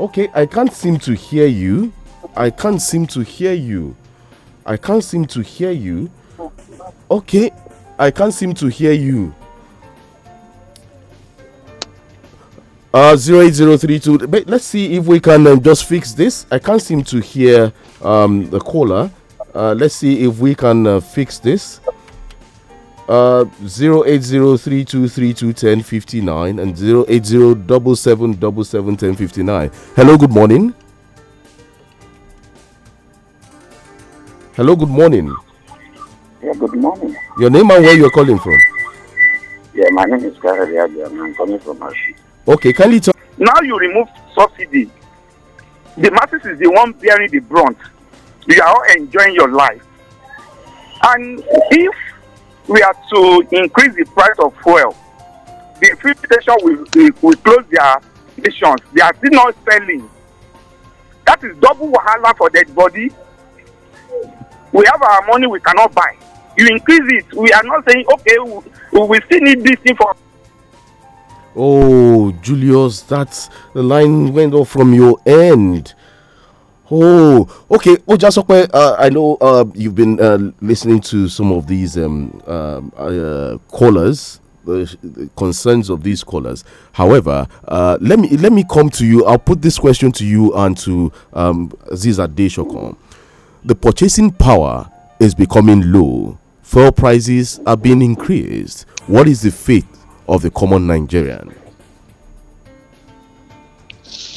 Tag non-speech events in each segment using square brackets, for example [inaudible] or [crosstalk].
Okay, I can't seem to hear you. I can't seem to hear you. I can't seem to hear you. Okay, I can't seem to hear you. Uh, 08032. But let's see if we can um, just fix this. I can't seem to hear um, the caller. Uh, let's see if we can uh, fix this uh, 08032321059 and 08077771059. Hello, good morning. Hello, good morning. Yeah, good morning. Your name and where you're calling from? Yeah, my name is Karel and I'm coming from Ashi. Okay, can you talk? Now you remove subsidy. The masses is the one bearing the brunt. You are all enjoying your life. And if we are to increase the price of fuel the fuel station will, will close their stations they are still not selling that is double wahala for dead body we have our money we cannot buy you increase it we are not saying okay we, we still need this thing for. oh julius that's the line went off from your end Oh, okay. Well, oh, Jasokwe, uh, I know uh, you've been uh, listening to some of these um, um uh, callers. The, the concerns of these callers. However, uh, let me let me come to you. I'll put this question to you and to um, Ziza The purchasing power is becoming low. Fuel prices are being increased. What is the fate of the common Nigerian?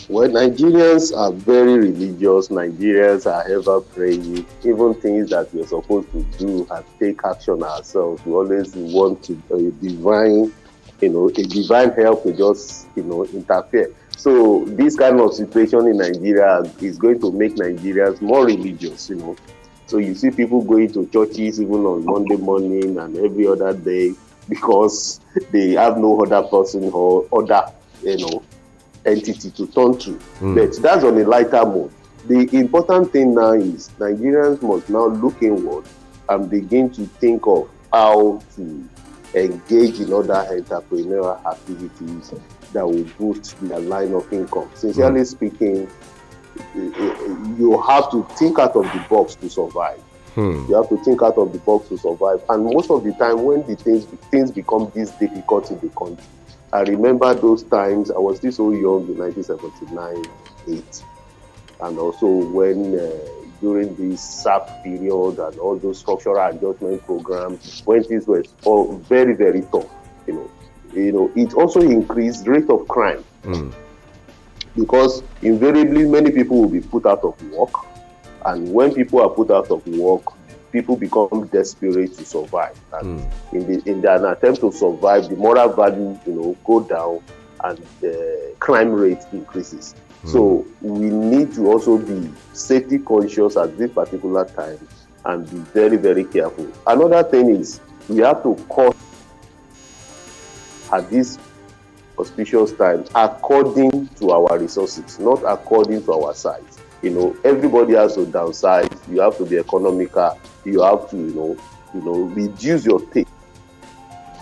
Well, Nigerians are very religious. Nigerians are ever praying. Even things that we're supposed to do and take action ourselves, we always want to, uh, a divine, you know, a divine help to just, you know, interfere. So this kind of situation in Nigeria is going to make Nigerians more religious, you know. So you see people going to churches even on Monday morning and every other day because [laughs] they have no other person or other, you know, entity to turn to. Mm. But that's on a lighter mode. The important thing now is Nigerians must now look inward and begin to think of how to engage in other entrepreneurial activities that will boost their line of income. Sincerely mm. speaking, you have to think out of the box to survive. Hmm. You have to think out of the box to survive. And most of the time, when the things things become this difficult in the country, I remember those times. I was still so young in 1979, 8, and also when uh, during the SAP period and all those structural adjustment programs, when things were all very very tough, you know, you know, it also increased rate of crime mm. because invariably many people will be put out of work, and when people are put out of work, people become desperate to survive. And mm. in, the, in their attempt to survive, the moral value, you know, go down and the uh, crime rate increases. Mm. So we need to also be safety conscious at this particular time and be very, very careful. Another thing is we have to cut at this auspicious time according to our resources, not according to our size. You know, everybody has to downsize. You have to be economical you have to, you know, you know, reduce your take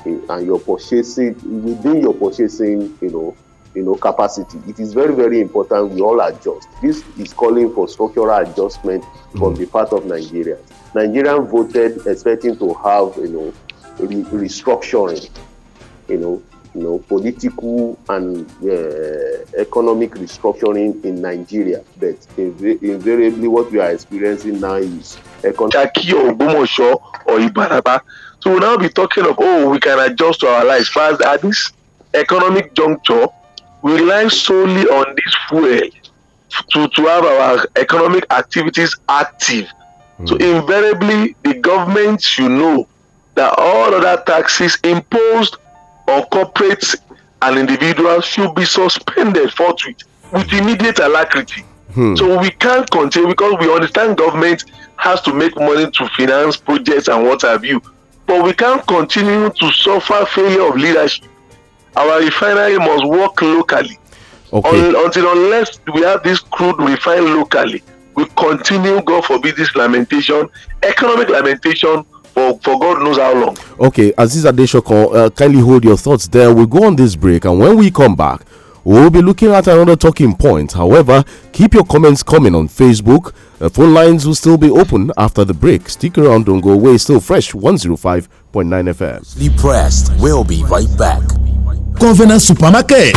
and your purchasing within your purchasing, you know, you know, capacity. It is very, very important we all adjust. This is calling for structural adjustment mm-hmm. from mm. the part of Nigerians. Nigerians voted expecting to have, you know, re- restructuring, you know, you know, political and uh, economic restructuring in Nigeria. But invariably, what we are experiencing now is economic. or So we'll now be talking of, oh, we can adjust to our lives fast. At this economic juncture, we rely solely on this fuel to, to have our economic activities active. Hmm. So invariably, the government should know that all other taxes imposed or corporate and individuals should be suspended forthwith with immediate alacrity. Hmm. So we can't continue because we understand government has to make money to finance projects and what have you. But we can't continue to suffer failure of leadership. Our refinery must work locally. Okay. Un- until unless we have this crude refined locally, we continue, God forbid, this lamentation, economic lamentation for, for God knows how long. Okay, Aziz Adeshoko, uh, kindly hold your thoughts there. We'll go on this break, and when we come back, we'll be looking at another talking point. However, keep your comments coming on Facebook. Uh, phone lines will still be open after the break. Stick around, don't go away. Still fresh 105.9 FM. Depressed. We'll be right back. convenience supermarket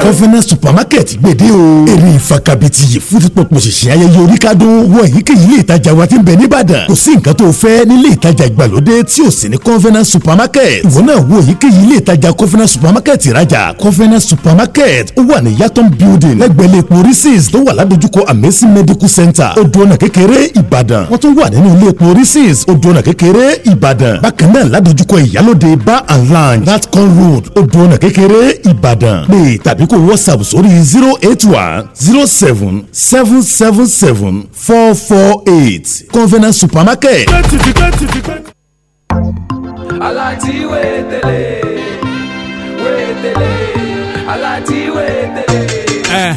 convenience supermarket gbèdé o èrè ìfakabiti yìí fún pípọ̀ ṣẹ̀ṣẹ̀ ayẹyẹ oríkádùn wọ èyíkéyìí ilé ìtajà wa ti ń bẹ nìbàdàn kò sí nǹkan tó fẹ́ nílé ìtajà ìgbàlódé tí ò sí ní convenience supermarket ìwọ náà wo èyíkéyìí ilé ìtajà convenience supermarket ìrajà convenience supermarket ó wà ní yàtọ̀ building lẹ́gbẹ̀ẹ́ lẹ́pọ̀ reeses tó wà ládojúkọ amesi medical center odò ọ̀nà kékeré ìbàdàn wọ́n tún wà nínú lẹ́pọ̀ reeses odò ọ̀nà kékeré ìbàdàn bákan náà ládojúkọ ìyálòde bar and lounge latcon road odò ọ̀nà kékeré ìbàdàn pé tàbí kó whatsapp sórí zero eight one zero seven seven seven seven four four eight convenience supermarket. aláti tẹ̀lé wé tẹ̀lé aláti tẹ̀lé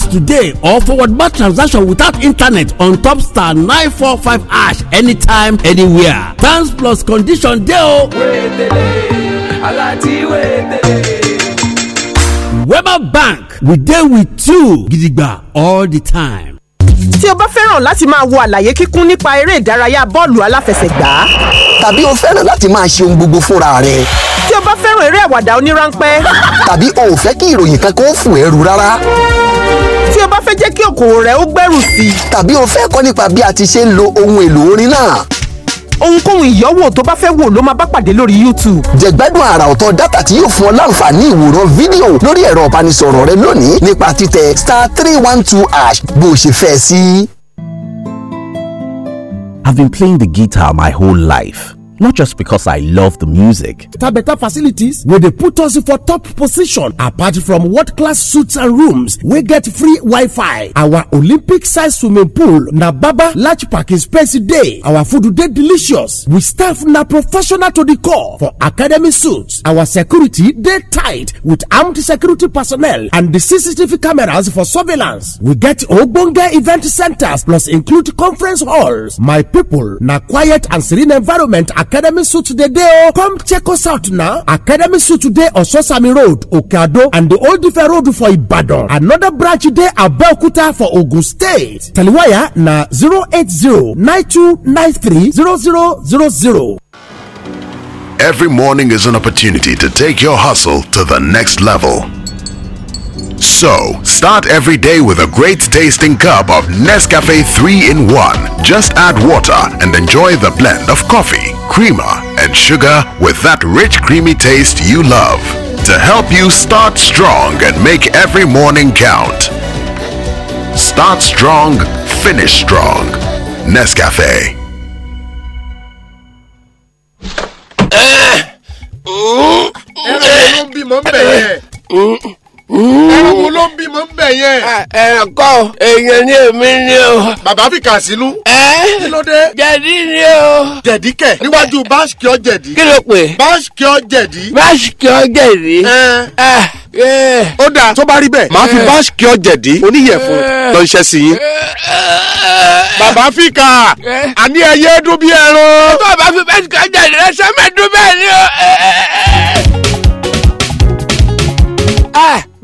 today or forward bar transaction without internet on top star nine four five ash anytime anywhere thanks plus condition dey o. weber bank we deal with you gidigba all the time. tí o bá fẹ́ràn láti máa wo àlàyé kíkún nípa eré ìdárayá bọ́ọ̀lù aláfẹsẹ̀gbá. tàbí o fẹ́ràn láti máa ṣe ohun gbogbo fúnra rẹ. tí o bá fẹ́ràn eré àwàdà oníránpẹ́. tàbí o ò fẹ́ kí ìròyìn kankan ó fò ẹ́rù rárá tí o bá fẹ́ jẹ́ kí okòwò rẹ ó gbèrú sí tàbí o fẹ́ kọ́ nípa bí a ti ṣe ń lo ohun èlò orin náà ohunkóhun ìyọ́wò tó bá fẹ́ wò ló máa bá pàdé lórí YouTube. jẹ̀gbádùn àrà ọ̀tọ̀ dátà tí yóò fún ọ láǹfààní ìwòran fídíò lórí ẹ̀rọ ìbánisọ̀rọ̀ rẹ lónìí nípa títẹ star three one two ash bó o ṣe fẹ́ sí. I've been playing the guitar my whole life. not just because I love the music. Better facilities where they put us for top position apart from what class suits and rooms we get free Wi-Fi. Our Olympic size swimming pool na baba large parking space day. Our food today delicious. We staff na professional to the core for academy suits. Our security dey tight with armed security personnel and the CCTV cameras for surveillance. We get ogbonge event centers plus include conference halls. My people na quiet and serene environment. Academy Suit Today day oh, Come check us out now. Academy Suit Today Ososami Road, Okado, and the Old Ife Road for Ibadan. Another branch dey Abeokuta for Ogun State. Taliwaya na 080-9293-0000. Every morning is an opportunity to take your hustle to the next level. So, start every day with a great tasting cup of Nescafe 3 in 1. Just add water and enjoy the blend of coffee creamer, and sugar with that rich, creamy taste you love to help you start strong and make every morning count. Start strong, finish strong. Nescafe. Uh, uh, uh, ẹranko ló ń bímọ ń bẹ̀ yẹn. Ah, ẹranko èèyàn ni èmi ni o. bàbá fi kà sínú. ẹ kí ló dé. jẹ̀dí ni o. jẹ̀dí kẹ̀ níwájú báṣkìọ́ jẹ̀dí. kí ló pè. báṣkìọ́ jẹ̀dí. báṣkìọ́ jẹ̀dí. Ah, ó dáa tó bá rí bẹ́ẹ̀ máa fi eh. báṣkìọ́ jẹ̀dí oníyẹ̀fun eh. lọ iṣẹ́ sí yín. bàbá fi kà àní eh. ẹyẹ dún bí ẹran. bàbá fi báṣkìọ́ jẹ̀dí rẹ sẹ́mẹ̀ẹ́dún bẹ́ẹ̀ ni o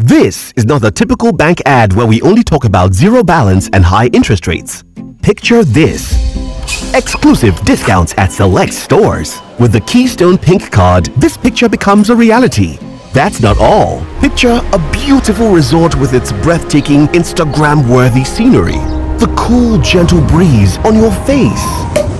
This is not a typical bank ad where we only talk about zero balance and high interest rates. Picture this exclusive discounts at select stores. With the Keystone Pink card, this picture becomes a reality. That's not all. Picture a beautiful resort with its breathtaking Instagram worthy scenery the cool, gentle breeze on your face,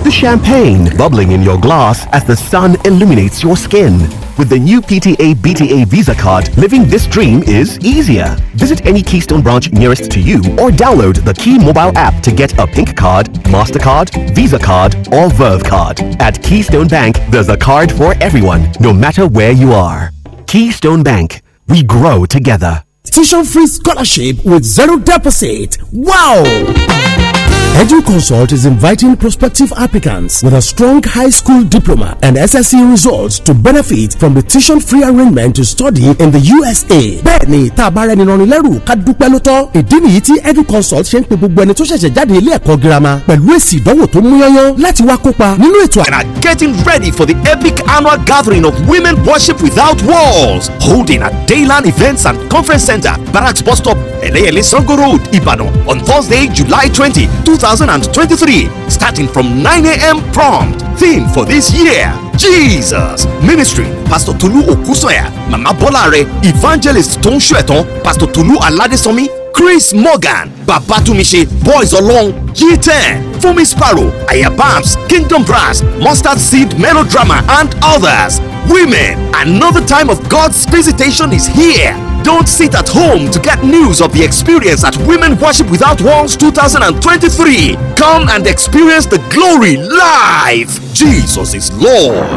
the champagne bubbling in your glass as the sun illuminates your skin. With the new PTA BTA Visa card, living this dream is easier. Visit any Keystone branch nearest to you or download the Key mobile app to get a pink card, MasterCard, Visa card, or Verve card. At Keystone Bank, there's a card for everyone, no matter where you are. Keystone Bank, we grow together tuition free scholarship with zero deposit. Wow! Edu Consult is inviting prospective applicants with a strong high school diploma and SSC results to benefit from the tuition-free arrangement to study in the USA. Bẹ́ẹ̀ni, tá a bá rẹ́ni ránni lẹ́rù ká dúpẹ́ ló tọ́. Ìdí nìyí tí EduConsult ṣe ń pe gbogbo ẹni tó ṣẹ̀ṣẹ̀ jáde ilé ẹ̀kọ́ girama pẹ̀lú èsì ìdánwò tó mú yányán láti wá kópa nínú ètò. And are getting ready for the epic annual gathering of Women Worship Without Walls holding at Dayland Events and Conference Center, Barracks Bus Stop Eleyele Sango Road, Ibadan on Thursday, July 20, 2023, starting from 9 a.m. prompt. Theme for this year Jesus Ministry Pastor Tolu Okusoya, Mama Bolare, Evangelist Ton Shueton, Pastor Tolu Aladesomi, Chris Morgan, Babatumishi, Boys Along, G10, Fumi Sparrow, Ayabams, Kingdom Brass, Mustard Seed Melodrama, and others. Women, another time of God's visitation is here. Don't sit at home to get news of the experience at Women Worship Without Walls 2023. Come and experience the glory live. Jesus is Lord.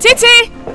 Titi!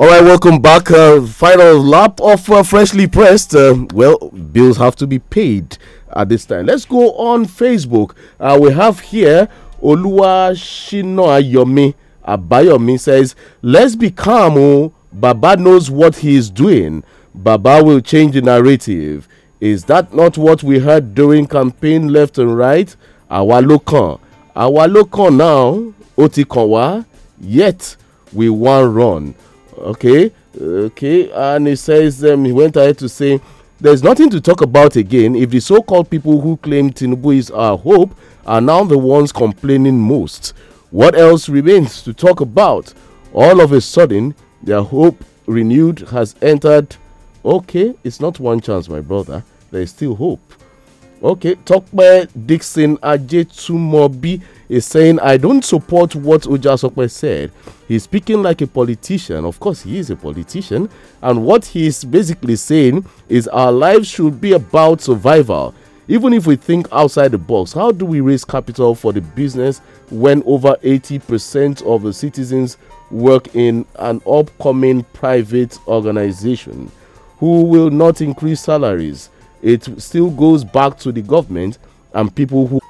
All right, welcome back. Uh, final lap of uh, freshly pressed. Uh, well, bills have to be paid at this time. Let's go on Facebook. Uh, we have here Olua Shinoa Yomi Abayomi says, "Let's be calm. Oh, Baba knows what he is doing. Baba will change the narrative. Is that not what we heard during campaign left and right? Our local, our local now. Otikawa. Yet we won't run." Okay, okay. And he says, um, he went ahead to say, there's nothing to talk about again if the so called people who claim Tinubu is our hope are now the ones complaining most. What else remains to talk about? All of a sudden, their hope renewed has entered. Okay, it's not one chance, my brother. There is still hope. Okay, talk by Dixon Ajetumobi is saying, I don't support what Ujasope said. He's speaking like a politician. Of course, he is a politician. And what he's basically saying is our lives should be about survival. Even if we think outside the box, how do we raise capital for the business when over 80% of the citizens work in an upcoming private organization who will not increase salaries? It still goes back to the government and people who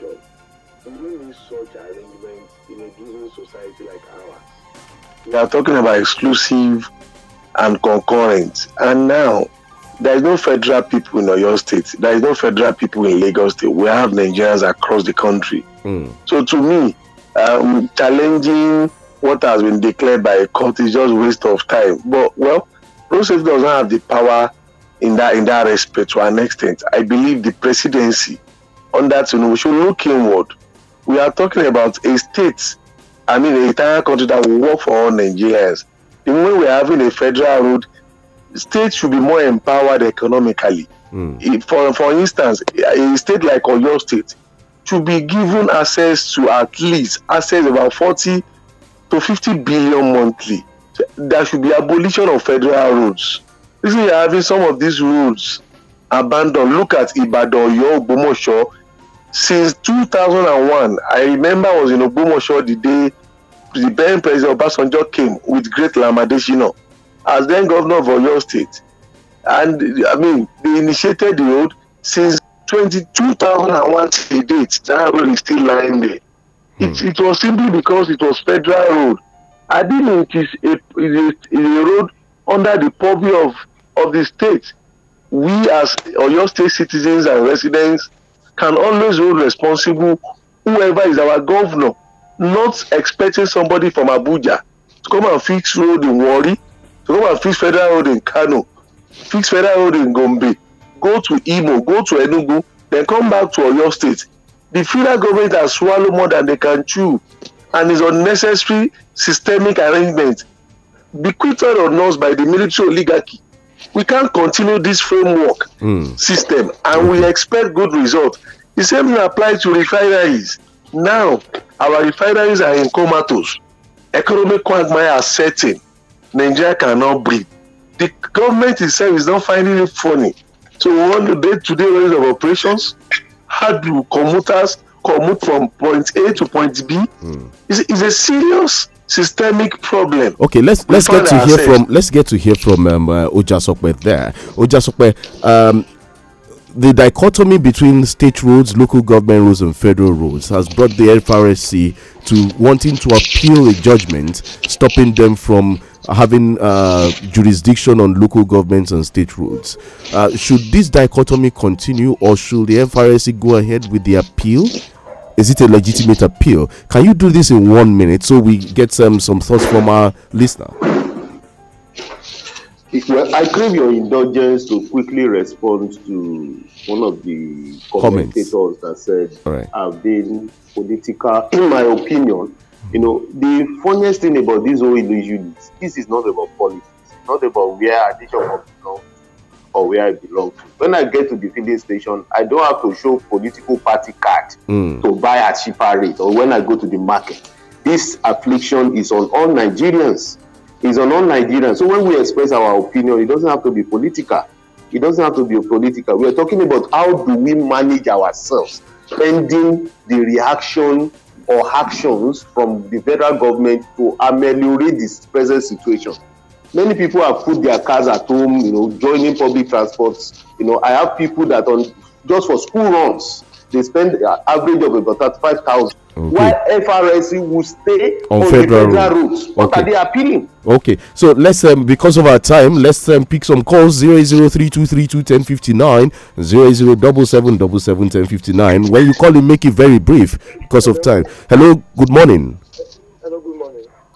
We don't need such arrangements in a given society like ours. We are talking about exclusive and concurrent. And now, there is no federal people in Oyo State. There is no federal people in Lagos State. We have Nigerians across the country. Mm. So to me, um, challenging what has been declared by a court is just waste of time. But well, Road does not have the power in that in that respect to an extent. I believe the presidency you know, we should look inward. We are talking about a state, I mean, the entire country that will work for all Nigerians. Even when we're having a federal road, states should be more empowered economically. Mm. For, for instance, a state like Oyo State should be given access to at least access about 40 to 50 billion monthly. there should be abolition of federal roads. We are having some of these roads abandoned. Look at Ibadan, Oyo, Bomosho, since 2001 i remember i was in ogbomoso the day the then president obasanjo came with great lamadesina as then governor of oyo state and i mean they initiated the road since 2001 to date that road is still lying there hmm. it, it was simply because it was federal road adini it is a is a is a road under the purview of of the state we as oyo state citizens and residents can always hold responsible whoever is our governor, not expecting somebody from Abuja to come and fix road in Wari, to come and fix federal road in Kano, fix federal road in Gombe, go to Imo, go to Enugu, then come back to Oyo State. The federal government has swallowed more than they can chew and is unnecessary systemic arrangement bequeathed on us by the military oligarchy we can't continue this framework mm. system and hmm. we expect good results. The same thing applies to refineries. Now, our refineries are in comatose. Economic quagmire are setting. Nigeria cannot breathe. The government itself is not finding it funny. So, on the day to day range of operations. How do commuters commute from point A to point B? Mm. It's, it's a serious systemic problem. Okay, let's let's get to hear from let's get to hear from um, uh, Ojasope there. Ojasope, um, the dichotomy between state roads, local government roads, and federal roads has brought the FRSC to wanting to appeal a judgment, stopping them from having uh, jurisdiction on local governments and state roads. Uh, should this dichotomy continue, or should the FRSC go ahead with the appeal is it a legitimate appeal? Can you do this in one minute so we get um, some thoughts from our listener? Well, I crave your indulgence to quickly respond to one of the commentators Comments. that said, right. I've been political, [clears throat] in my opinion. You know, the funniest thing about this whole issue is this is not about politics, it's not about where addition comes from or where I belong to. When I get to the filling station, I don't have to show political party card mm. to buy at cheaper rate or when I go to the market. This affliction is on all Nigerians. It's on all Nigerians. So when we express our opinion, it doesn't have to be political. It doesn't have to be political. We are talking about how do we manage ourselves pending the reaction or actions from the federal government to ameliorate this present situation many people have put their cars at home, you know, joining public transports. You know, I have people that on just for school runs, they spend an average of about 35,000. Okay. Why FRSC will stay on, on federal, the federal route? What okay. are they appealing? Okay, so let's um, because of our time, let's um, pick some calls 00323211059, 007771059. When you call it, make it very brief because of time. Hello, good morning.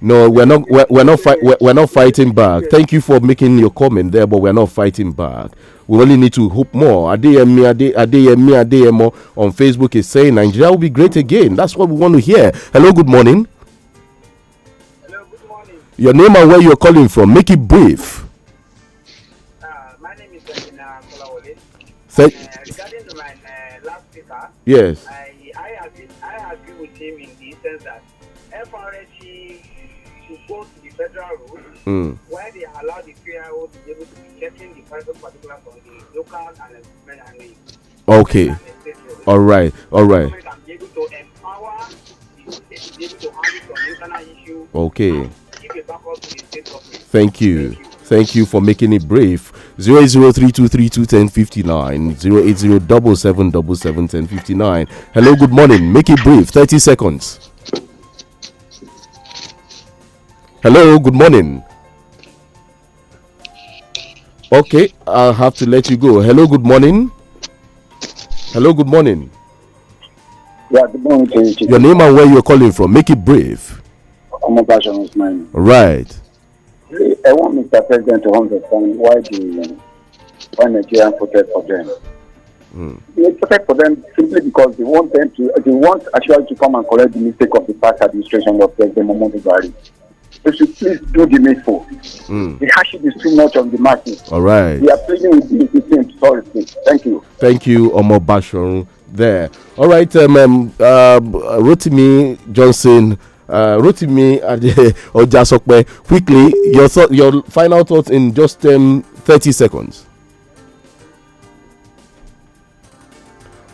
No, we're not. We're, we're not. we're, we're, not fighting back. Thank you for making your comment there, but we're not fighting back. We only need to hope more. Adeyemi, Ade, Adeyemi, Adeyemo on Facebook is saying Nigeria will be great again. That's what we want to hear. Hello, good morning. Hello, good morning. Your name and where you're calling from. Make it brief. Uh, my name is Th- uh, Regarding my uh, last speaker. Yes. I Mm. Where they allow the three-year-old to be able to be checking the person particular from the local and the uh, okay. And all right, all right. Okay. Thank you. Thank you for making it brief. 08032321059 08077771059. Hello, good morning. Make it brief. 30 seconds. Hello, good morning. Okay, I'll have to let you go. Hello, good morning. Hello, good morning. Yeah, good morning to you. Your name and where you're calling from. Make it brief. Right. Eh, I want Mr. President to understand why the why Nigerians voted for them. Mm. They voted for them simply because they want them to they want actually to come and correct the mistake of the past administration of President Muhammadu Buhari they should please do the needful. Mm. The hardship is too much on the market. All right. We are playing with the, the same sorry, please. Thank you. Thank you, Omo Bashorun. There. All right, um, um uh, Rotimi Johnson. Uh, Rotimi [laughs] Ojasokwe. quickly, your, thought, your final thoughts in just um, 30 seconds.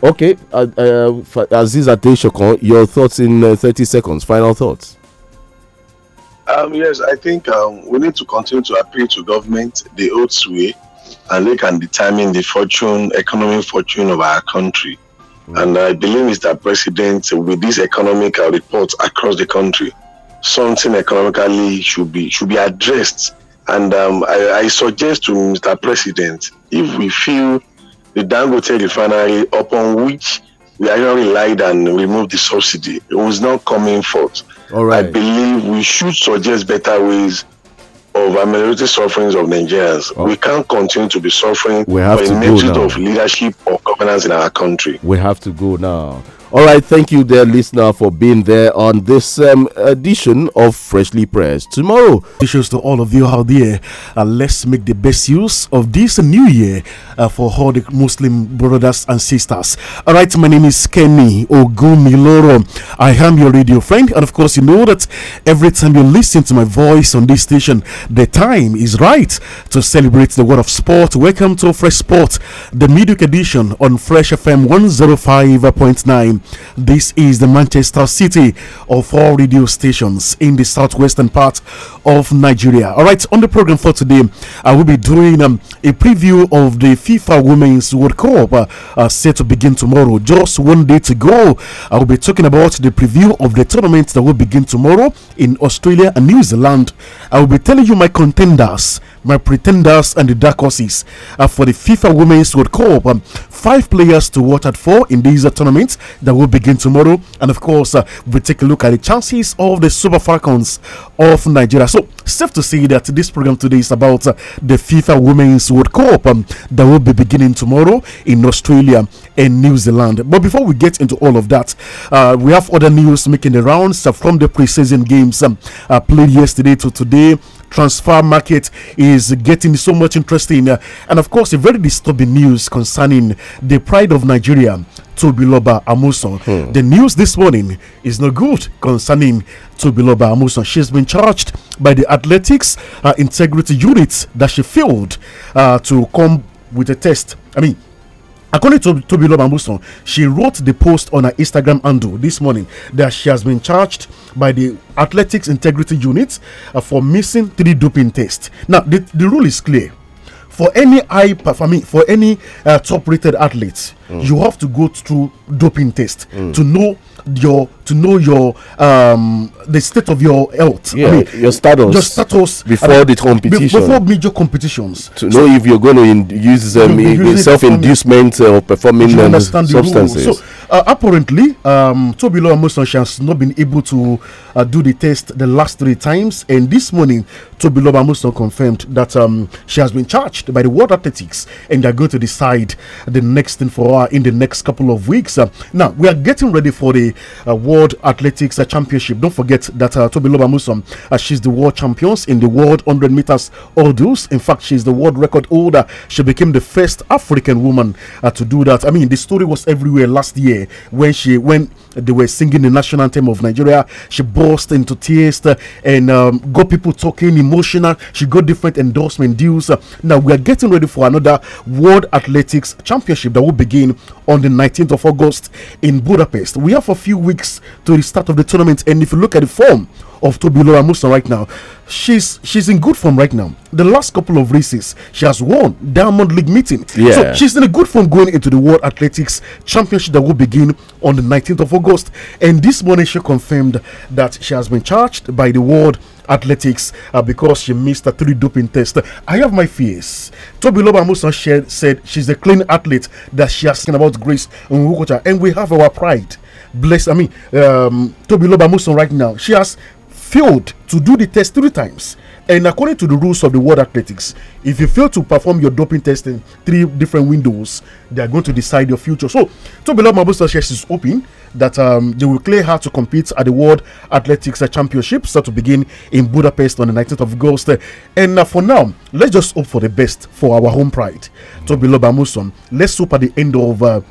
Okay, uh, uh, Aziz Adeshokon, your thoughts in uh, 30 seconds, final thoughts. Um, yes, I think um, we need to continue to appeal to government the old way, and they can determine the fortune, economic fortune of our country. Mm-hmm. And I believe, Mr. President, with this economic report across the country, something economically should be should be addressed. And um, I, I, suggest to Mr. President, if we feel the Dangote refinery upon which we actually lied and removed the subsidy. It was not coming forth. All right. I believe we should suggest better ways of ameliorating sufferings of Nigerians. Oh. We can't continue to be suffering we have for a magnitude of leadership or governance in our country. We have to go now. All right, thank you, dear listener, for being there on this um, edition of Freshly Pressed. Tomorrow, wishes to all of you out there. Uh, let's make the best use of this new year uh, for all the Muslim brothers and sisters. All right, my name is Kenny Ogumiloro. I am your radio friend, and of course, you know that every time you listen to my voice on this station, the time is right to celebrate the world of sport. Welcome to Fresh Sport, the midweek edition on Fresh FM 105.9. This is the Manchester City of all radio stations in the southwestern part of Nigeria. All right, on the program for today, I will be doing um, a preview of the FIFA Women's World Cup uh, uh, set to begin tomorrow. Just one day to go, I will be talking about the preview of the tournament that will begin tomorrow in Australia and New Zealand. I will be telling you my contenders my pretenders and the dark horses uh, for the FIFA Women's World Cup. Um, five players to watch out for in these uh, tournaments that will begin tomorrow. And of course, uh, we take a look at the chances of the Super Falcons of Nigeria. So, safe to say that this program today is about uh, the FIFA Women's World Cup um, that will be beginning tomorrow in Australia and New Zealand. But before we get into all of that, uh, we have other news making the rounds uh, from the preseason games um, uh, played yesterday to today transfer market is getting so much interesting. Uh, and of course, a very disturbing news concerning the pride of Nigeria. Tobiloba Amuson. Hmm. The news this morning is not good concerning Tobiloba Amuson. She's been charged by the Athletics uh, Integrity Unit that she failed uh, to come with a test. I mean, According to Toby Lobambuson, she wrote the post on her Instagram handle this morning that she has been charged by the Athletics Integrity Unit uh, for missing three doping tests. Now, the, the rule is clear. For any high, performing for any uh, top-rated athlete, mm. you have to go through doping test mm. to know your to know your um the state of your health. Yeah, I mean, your status. Your status before the competition. before major competitions. To so know if you're going to use um, self-inducement uh, or performing um, substances. So uh, apparently, um, Tobilo and has not been able to uh, do the test the last three times, and this morning, Tobilo Bamuson confirmed that um, she has been charged by the World Athletics, and they're going to decide the next thing for her in the next couple of weeks. Uh, now, we are getting ready for the uh, World Athletics uh, Championship. Don't forget that Toby Loba Musum, she's the world champions in the world 100 meters hurdles. In fact, she's the world record holder. She became the first African woman to do that. I mean, the story was everywhere last year when she when they were singing the national anthem of Nigeria. She burst into tears and um, got people talking emotional. She got different endorsement deals. now we are getting ready for another World Athletics Championship that will begin happening on the 19th of August in Budapest. We have a few weeks to the start of the tournament, and if you look at the form of Tobilola Musa right now, she's she's in good form right now. The last couple of races, she has won Diamond League meeting. Yeah. So she's in a good form going into the World Athletics Championship that will begin on the 19th of August. And this morning she confirmed that she has been charged by the World athletics uh, because she missed a three doping test. I have my fears. Toby Loba Musa shared, said she's a clean athlete that she has seen about Grace and we have our pride. Bless, I mean, um, Toby Loba Musa right now, she has failed to do the test three times. And according to the rules of the World Athletics, if you fail to perform your doping test in three different windows, they are going to decide your future. So, Tobiloba says is open that um, they will clear her to compete at the World Athletics uh, Championships set to begin in Budapest on the 19th of August. And uh, for now, let's just hope for the best for our home pride. Toby Muson. let's hope at the end of. Uh,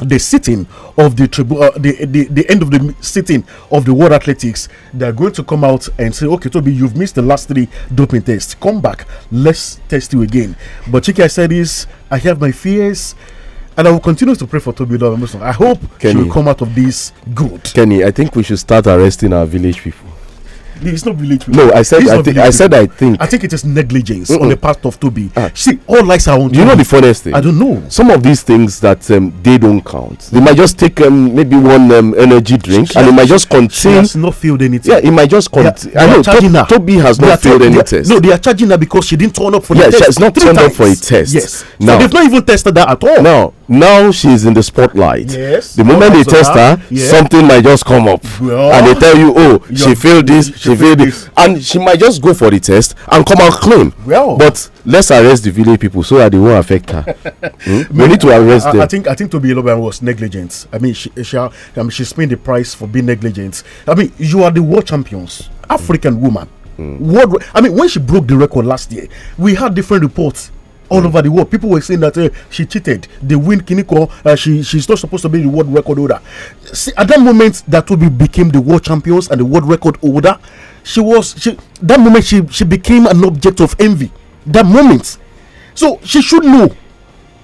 the sitting of the, uh, the, the the end of the sitting of the World Athletics, they're going to come out and say, "Okay, Toby, you've missed the last three doping tests. Come back, let's test you again." But I said, this. I have my fears." And I will continue to pray for Toby Love. I hope Kenny, she will come out of this good. Kenny, I think we should start arresting our village people. It's not related. No, I said I, th I, said I think. I think it is negligence mm -mm. on the part of Toby. Ah. See, all lies are on. You know the funniest thing? I don't know. Some of these things that um, they don't count. They might just take um, maybe one um, energy drink, she and it might just contain. She not failed anything. Yeah, it might just contain. Yeah, I know. Toby has they not failed any test. No, they are charging her because she didn't turn up for yeah, the test. Yeah, she's not turned times. up for a test. Yes. Now so they've not even tested that at all. Now, now she's in the spotlight. Yes. The moment they test her, something might just come up, and they tell you, "Oh, she failed this." she failed and she might just go for the test and come out clean well but let's arrest the village people so that they won't affect her [laughs] hmm? we need to arrest I, I, them i think i think toby Loban was negligent i mean she she, I mean, she's paying the price for being negligent i mean you are the world champions african woman Mm. World, I mean, when she broke the record last year, we had different reports all mm. over the world. People were saying that uh, she cheated. The win Kiniko. Uh, she she's not supposed to be the world record holder. See, at that moment, that would be became the world champions and the world record holder. She was she that moment she she became an object of envy. That moment, so she should know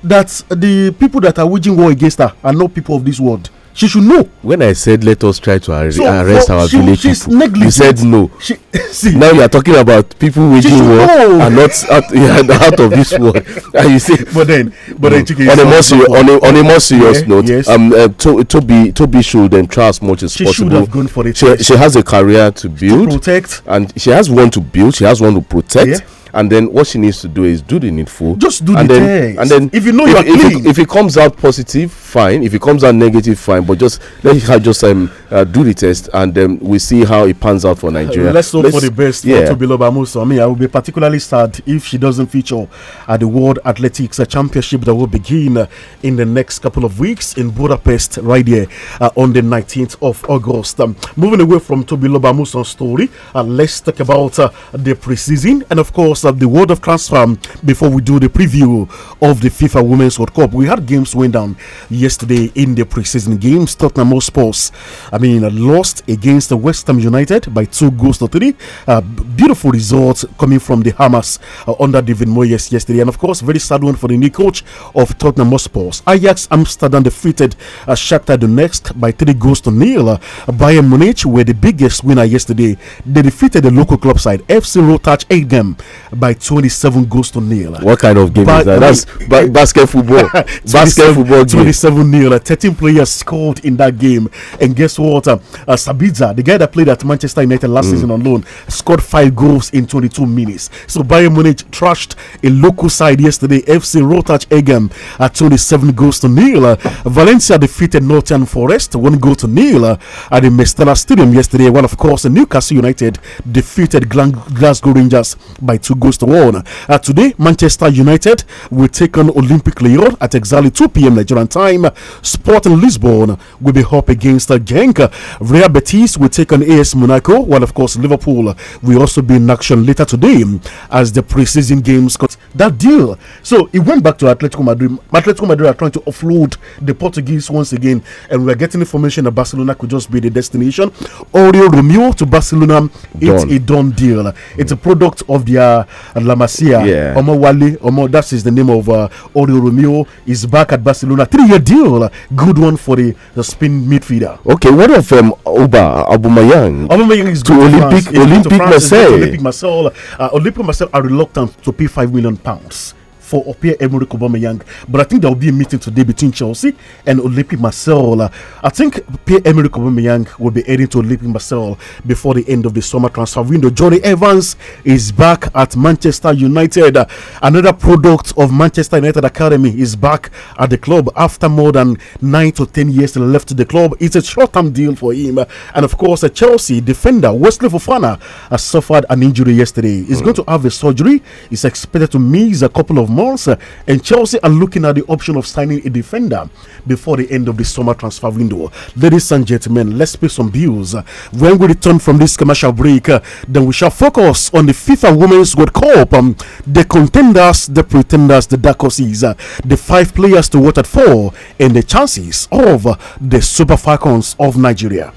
that the people that are waging war against her are not people of this world she should know. When I said let us try to ar so, arrest our she, village people, you said no. She, [laughs] see, now you are talking about people waging war work and not out, [laughs] out of this war, [laughs] and you say. But then, but mm. on a more serious, on a, on a more serious yeah, note, yes. um, uh, to, be sure, should then try as much as she possible. Should have gone for it. She, she, has a career to build, to protect, and she has one to build. She has one to protect. Yeah and then what she needs to do is do the needful. Just do and the then, test. And then if you know if, you are if, clean. It, if it comes out positive, fine. If it comes out negative, fine. But just let us just um, uh, do the test and um, we see how it pans out for Nigeria. Let's hope let's, for the best yeah. for Tobilo Musa, I mean, I will be particularly sad if she doesn't feature at the World Athletics uh, Championship that will begin uh, in the next couple of weeks in Budapest, right there uh, on the 19th of August. Um, moving away from Tobilo Musa's story, uh, let's talk about uh, the preseason and, of course, the world of transfer before we do the preview of the FIFA Women's World Cup. We had games went down yesterday in the preseason games. Tottenham Hotspurs, I mean, lost against West Ham United by two goals to three. Uh, beautiful result coming from the Hammers uh, under David Moyes yesterday, and of course, very sad one for the new coach of Tottenham Hotspurs. Ajax Amsterdam defeated uh, Shakhtar next by three goals to nil. Uh, Bayern Munich were the biggest winner yesterday. They defeated the local club side FC Rotach Egem by 27 goals to nil. What kind of game ba is that? That's ba basket football. [laughs] basket football game. 27 7 0. Uh, 13 players scored in that game. And guess what? Uh, uh the guy that played at Manchester United last mm. season on loan, scored five goals in 22 minutes. So Bayern Munich trashed a local side yesterday, FC Rotach Egan, at 27 goals to nil. Uh, Valencia defeated Northern Forest, one goal to nil at the Mestella Stadium yesterday. While, of course, Newcastle United defeated Glasgow Rangers by two goals to one. Uh, today, Manchester United will take on Olympic Lyon at exactly 2 p.m. Nigerian time. Sporting Lisbon will be up against uh, Genk. Real Betis will take on AS Monaco, while of course Liverpool will also be in action later today as the preseason games. That deal. So it went back to Atletico Madrid. Atletico Madrid are trying to offload the Portuguese once again, and we're getting information that Barcelona could just be the destination. Oreo Romeo to Barcelona, it's done. a done deal. It's a product of their uh, La Masia. Yeah. Omo Wale, Omo, that is the name of uh, Oreo Romeo, is back at Barcelona. Three year deal. Good one for the, the spin midfielder. Okay, what of um, Oba Abumayang? Abumayang is to Olympic, France. Olympic, Olympic Marseille. Olympic Marseille. Uh, Olympic Marseille are reluctant to pay five million pounds for Opier Emery Aubameyang. But I think there will be a meeting today between Chelsea and Olympic Marseille. I think Pierre Emery Aubameyang will be heading to Olympic Marseille before the end of the summer transfer window. Johnny Evans is back at Manchester United. another product of Manchester United Academy is back at the club after more than nine to ten years left the club. It's a short-term deal for him, and of course, a Chelsea defender Wesley Fofana has suffered an injury yesterday. He's mm. going to have a surgery. He's expected to miss a couple of months. Uh, and Chelsea are looking at the option of signing a defender before the end of the summer transfer window. Ladies and gentlemen, let's pay some bills. When we return from this commercial break, uh, then we shall focus on the FIFA Women's World Cup, um, the contenders, the pretenders, the dark horses, uh, the five players to watch out for, and the chances of the Super Falcons of Nigeria.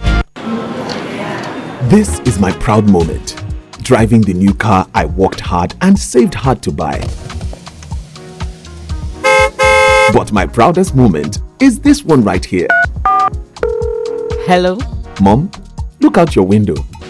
This is my proud moment. Driving the new car I worked hard and saved hard to buy. But my proudest moment is this one right here. Hello? Mom, look out your window.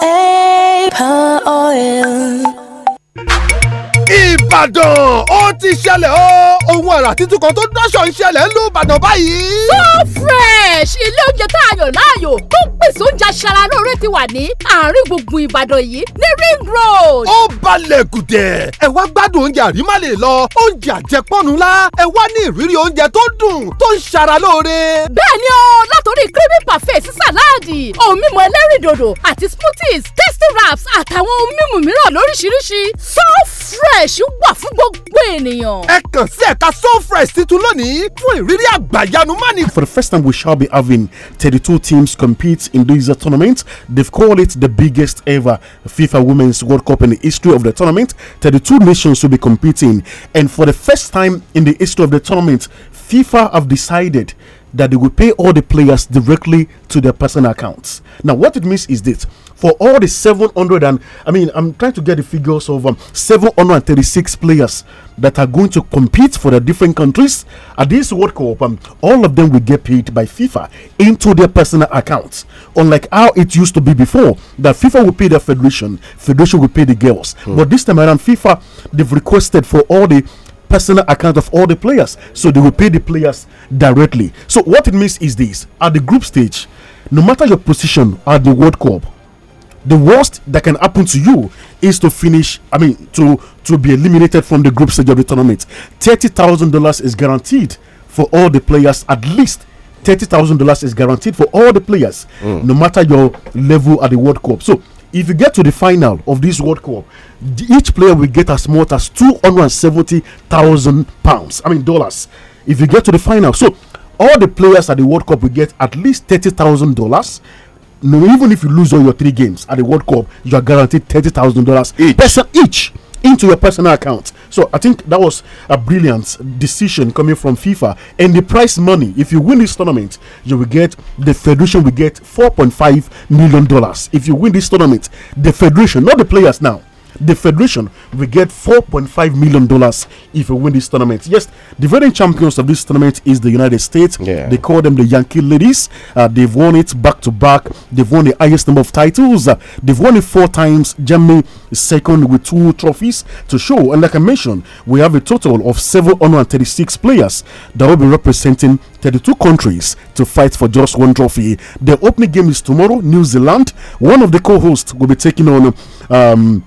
paper oil. ìbàdàn ó ti ṣẹlẹ̀ ó ohun àrà títún kan tó dáṣọ ń ṣẹlẹ̀ ń lu ìbàdàn báyìí. so fresh ilé oúnjẹ tá a yàn láàyò tó ń pèsè oúnjẹ aṣara lóore ti wà ní àárín gbùngbùn ìbàdàn yìí ní ring road. ó balẹ̀ gùdẹ̀ ẹ wá gbádùn oúnjẹ àrímá lè lọ oúnjẹ àjẹpọ́nu la ẹ wá ní ìrírí oúnjẹ tó dùn tó ń ṣara lóore. bẹ́ẹ̀ ni o látòrí creamy parfait sí sàláàdì ohun mímu ẹlẹ́rìndòdò àti smoothies tasty wraps àtàwọn ohun mímu mìíràn lóríṣiríṣi so fresh fresh wà fún gbogbo ènìyàn. ẹ kàn sí ẹ̀ka titun lónìí fún ìrírí àgbàyanu for the first time we shall be having thirty-two teams compete in this tournament they've called it the biggest ever FIFA Women's World Cup in the history of the tournament thirty-two nations will be competing and for the first time in the history of the tournament FIFA have decided that they will pay all the players directly to their personal accounts. Now, what it means is this for all the 700 and I mean, I'm trying to get the figures of um, 736 players that are going to compete for the different countries at this World Cup. Um, all of them will get paid by FIFA into their personal accounts, unlike how it used to be before that FIFA will pay the federation, federation will pay the girls. Hmm. But this time around, FIFA they've requested for all the personal account of all the players. So they will pay the players directly. So what it means is this at the group stage, no matter your position at the World Cup, the worst that can happen to you is to finish, I mean, to, to be eliminated from the group stage of the tournament. $30,000 is guaranteed for all the players, at least $30,000 is guaranteed for all the players, mm. no matter your level at the World Cup. So if you get to the final of this World Cup, each player will get as much as two hundred and seventy thousand pounds. I mean dollars. If you get to the final, so all the players at the World Cup will get at least thirty thousand dollars. No, even if you lose all your three games at the World Cup, you are guaranteed thirty thousand dollars each into your personal account. So I think that was a brilliant decision coming from FIFA. And the prize money, if you win this tournament, you will get the federation will get 4.5 million dollars. If you win this tournament, the federation, not the players now the federation will get 4.5 million dollars if we win this tournament. Yes, the reigning champions of this tournament is the United States. Yeah. They call them the Yankee Ladies. Uh, they've won it back to back. They've won the highest number of titles. Uh, they've won it four times. Germany is second with two trophies to show. And like I mentioned, we have a total of 736 players that will be representing 32 countries to fight for just one trophy. The opening game is tomorrow. New Zealand, one of the co-hosts, will be taking on. Um,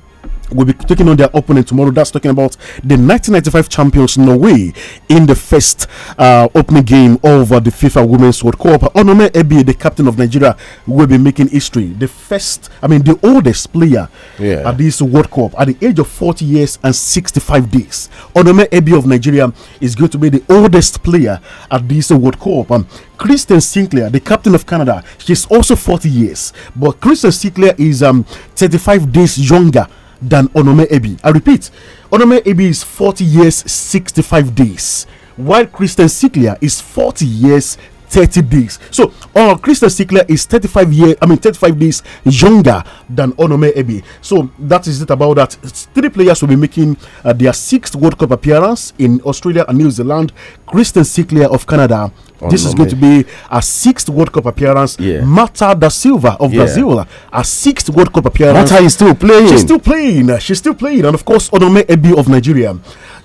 will be taking on their opponent tomorrow. That's talking about the 1995 champions Norway in the first uh, opening game of uh, the FIFA Women's World Cup. Onome Ebi, the captain of Nigeria, will be making history. The first, I mean, the oldest player yeah. at this World Cup at the age of 40 years and 65 days. Onome Ebi of Nigeria is going to be the oldest player at this World Cup. Um, Kristen Sinclair, the captain of Canada, she's also 40 years, but Kristen Sinclair is um, 35 days younger than Onome Ebi. I repeat, Onome Ebi is 40 years, 65 days, while Christian Siklia is 40 years, 30 days. So, uh, Christian Sikler is 35 years, I mean, 35 days younger than Onome Ebi. So, that is it about that. Three players will be making uh, their sixth World Cup appearance in Australia and New Zealand. Christian Sikler of Canada Oh, this is going to be a sixth World Cup appearance. Yeah. Marta da Silva of yeah. Brazil, a sixth World Cup appearance. Mata is still playing. She's still playing. She's still playing. And of course, Odome Ebi of Nigeria.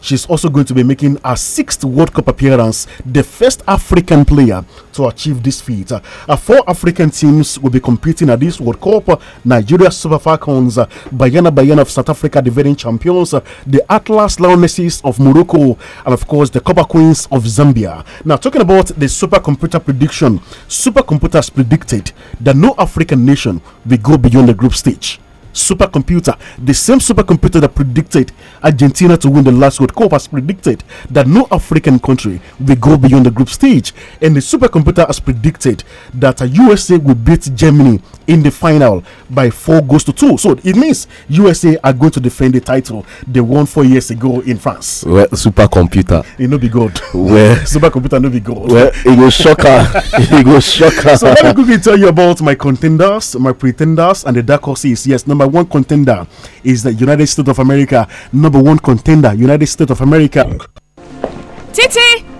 She's also going to be making her sixth World Cup appearance, the first African player to achieve this feat. Uh, four African teams will be competing at this World Cup Nigeria Super Falcons, uh, Bayana Bayana of South Africa, defending champions, uh, the Atlas Lionesses of Morocco, and of course the Copper Queens of Zambia. Now, talking about the supercomputer prediction, supercomputers predicted that no African nation will go beyond the group stage supercomputer, the same supercomputer that predicted Argentina to win the last World Cup, has predicted that no African country will go beyond the group stage. And the supercomputer has predicted that USA will beat Germany in the final by four goals to two. So it means USA are going to defend the title they won four years ago in France. Well, supercomputer. It no be good. Well, [laughs] supercomputer no be good. Well, it will shocker. [laughs] it will shocker. So let me quickly tell you about my contenders, my pretenders, and the dark horses. Yes, number number one contender is the United States of America. Number one contender, United States of America. Titi!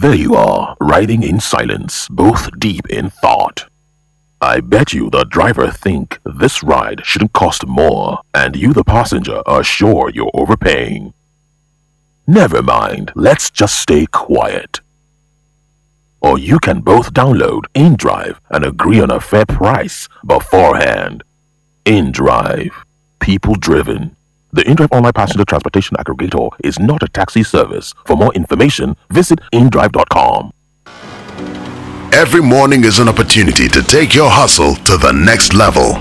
There you are, riding in silence, both deep in thought. I bet you the driver think this ride shouldn't cost more, and you the passenger are sure you're overpaying. Never mind, let's just stay quiet. Or you can both download InDrive and agree on a fair price beforehand. InDrive, people driven. The InDrive Online Passenger Transportation Aggregator is not a taxi service. For more information, visit indrive.com. Every morning is an opportunity to take your hustle to the next level.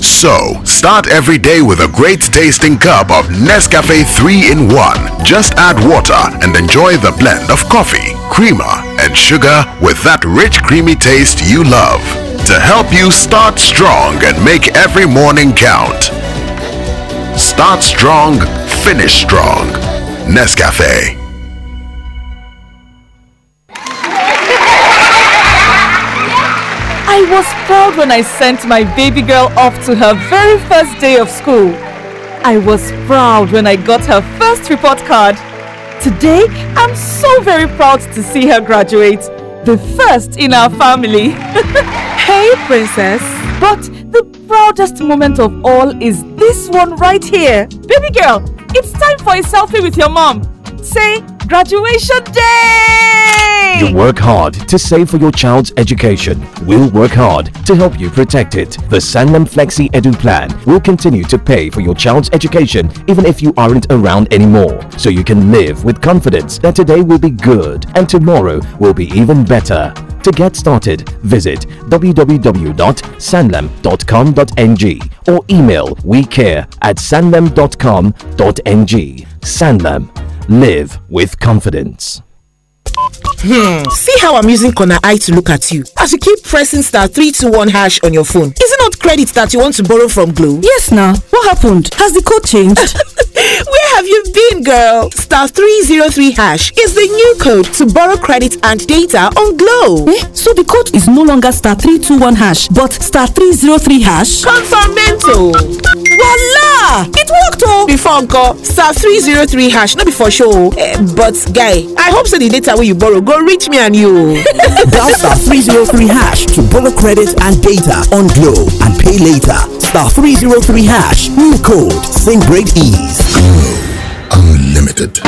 So, start every day with a great tasting cup of Nescafe 3 in 1. Just add water and enjoy the blend of coffee, creamer, and sugar with that rich, creamy taste you love. To help you start strong and make every morning count, Start strong, finish strong. Nescafe. I was proud when I sent my baby girl off to her very first day of school. I was proud when I got her first report card. Today, I'm so very proud to see her graduate, the first in our family. [laughs] hey, princess. But proudest moment of all is this one right here. Baby girl, it's time for a selfie with your mom. Say, graduation day! You work hard to save for your child's education. We'll work hard to help you protect it. The Sanlam Flexi Edu Plan will continue to pay for your child's education even if you aren't around anymore. So you can live with confidence that today will be good and tomorrow will be even better. To get started, visit www.sanlam.com.ng or email wecare at sanlam.com.ng. Sanlam, live with confidence. Hmm. See how I'm using Connor Eye to look at you as you keep pressing star 321 hash on your phone. Is it not credit that you want to borrow from Glow? Yes, now. What happened? Has the code changed? [laughs] Where have you been, girl? Star 303 hash is the new code to borrow credit and data on Glow. Eh? So the code is no longer star 321 hash, but star 303 hash? mental. Voila! It worked, oh! Before Uncle, star 303 hash, not before show. Uh, but, guy, I hope so the data will you borrow go reach me and you. Dial [laughs] star 303 hash to borrow credit and data on Glow and pay later. star 303 hash. New code. Think great ease. Glow Unlimited.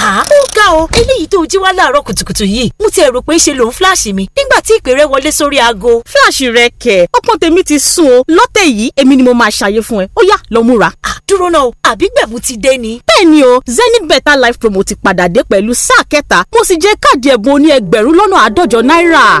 Ah, ah, o eléyìí tó jí wá láàárọ̀ kùtùkùtù yìí mo ti ẹ̀rù pé ṣe lòun fíláàṣì mi nígbà tí ìpè rẹ wọlé sórí aago. fíláàṣì rẹ kẹ ọpọ́n tèmi ti sùn o lọ́tẹ̀ yìí èmi ni mo máa ṣàyè fún ẹ ó yá lọ múra. Ah, dúró náà o àbí gbẹ̀mú ti dé ni. bẹ́ẹ̀ni o zenith better life promo ti padà dé pẹ̀lú sáà kẹta mo sì jẹ káàdì ẹ̀bùn oní ẹgbẹ̀rún lọ́nà àádọ́jọ náírà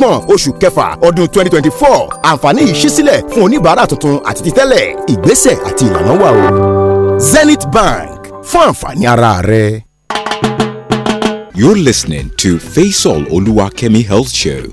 ọgbọ̀n oṣù kẹfà ọdún twenty twenty four àǹfààní yìí ṣí sílẹ̀ fún oníbàárà tuntun àti títẹ́lẹ̀ ìgbésẹ̀ àti ìlànà wà o. Zenith Bank fún àǹfààní ara rẹ. You're listening to Faisal Oluwakemi Health Show.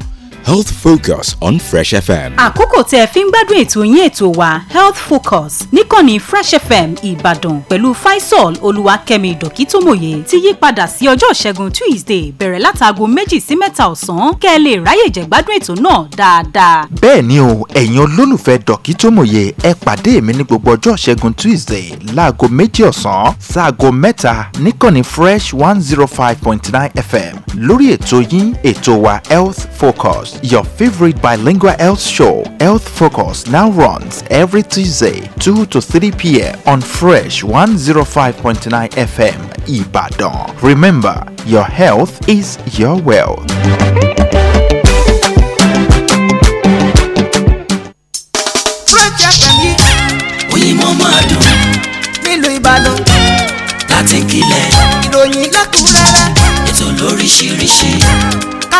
Health Focus on Fresh FM. Àkókò tẹ́ ẹ fi ń gbádùn ètò yín ètò wa Health Focus níkànnì Fresh FM Ìbàdàn pẹ̀lú Faisal Olúwakẹ́mi Dọ̀kítọ́mọ̀yé ti yí padà sí ọjọ́ ìṣẹ́gun Tuesday bẹ̀rẹ̀ látàgò méjì sí mẹ́ta ọ̀sán kẹ́ ẹ lè ráyè jẹ́ gbádùn ètò náà dáadáa. Bẹ́ẹ̀ ni o, ẹ̀yin olólùfẹ́ Dọ̀kítọ́mọ̀yé ẹ pàdé mi ní gbogbo ọjọ́ ìṣẹ́gun Tuesday láago méjì ọ̀sán sáago mẹ́ta níkànnì Fresh one zero five point nine FM lórí ètò yín ètò wa Health Focus Your favorite bilingual health show, Health Focus, now runs every Tuesday, 2 to 3 p.m. on Fresh 105.9 FM, Ibadan. Remember, your health is your wealth.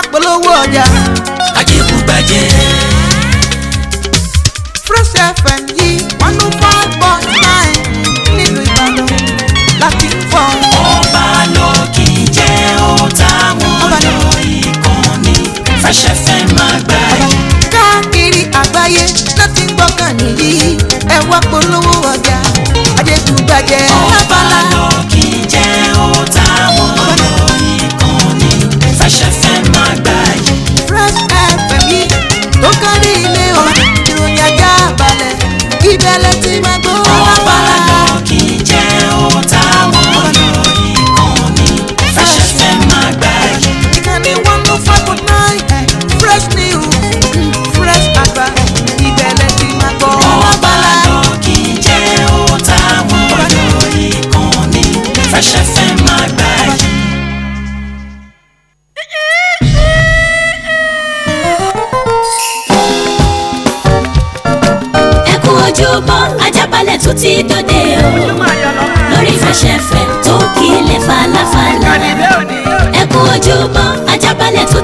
apolówó ọjà. ajíkúgbàjẹ́. Fresh FM yìí one oh five point nine nílùú Ìbàdàn láti ń fọ. ọba ló kì í jẹ́ ọ̀tá wọn lọ ìkànnì Fresh FM àgbáyé. káàkiri àgbáyé láti ń gbọ́kàn nìyí ẹ wá polówó ọjà ajíkúgbàjẹ́. ọba ló kì í jẹ́ ọ̀tá.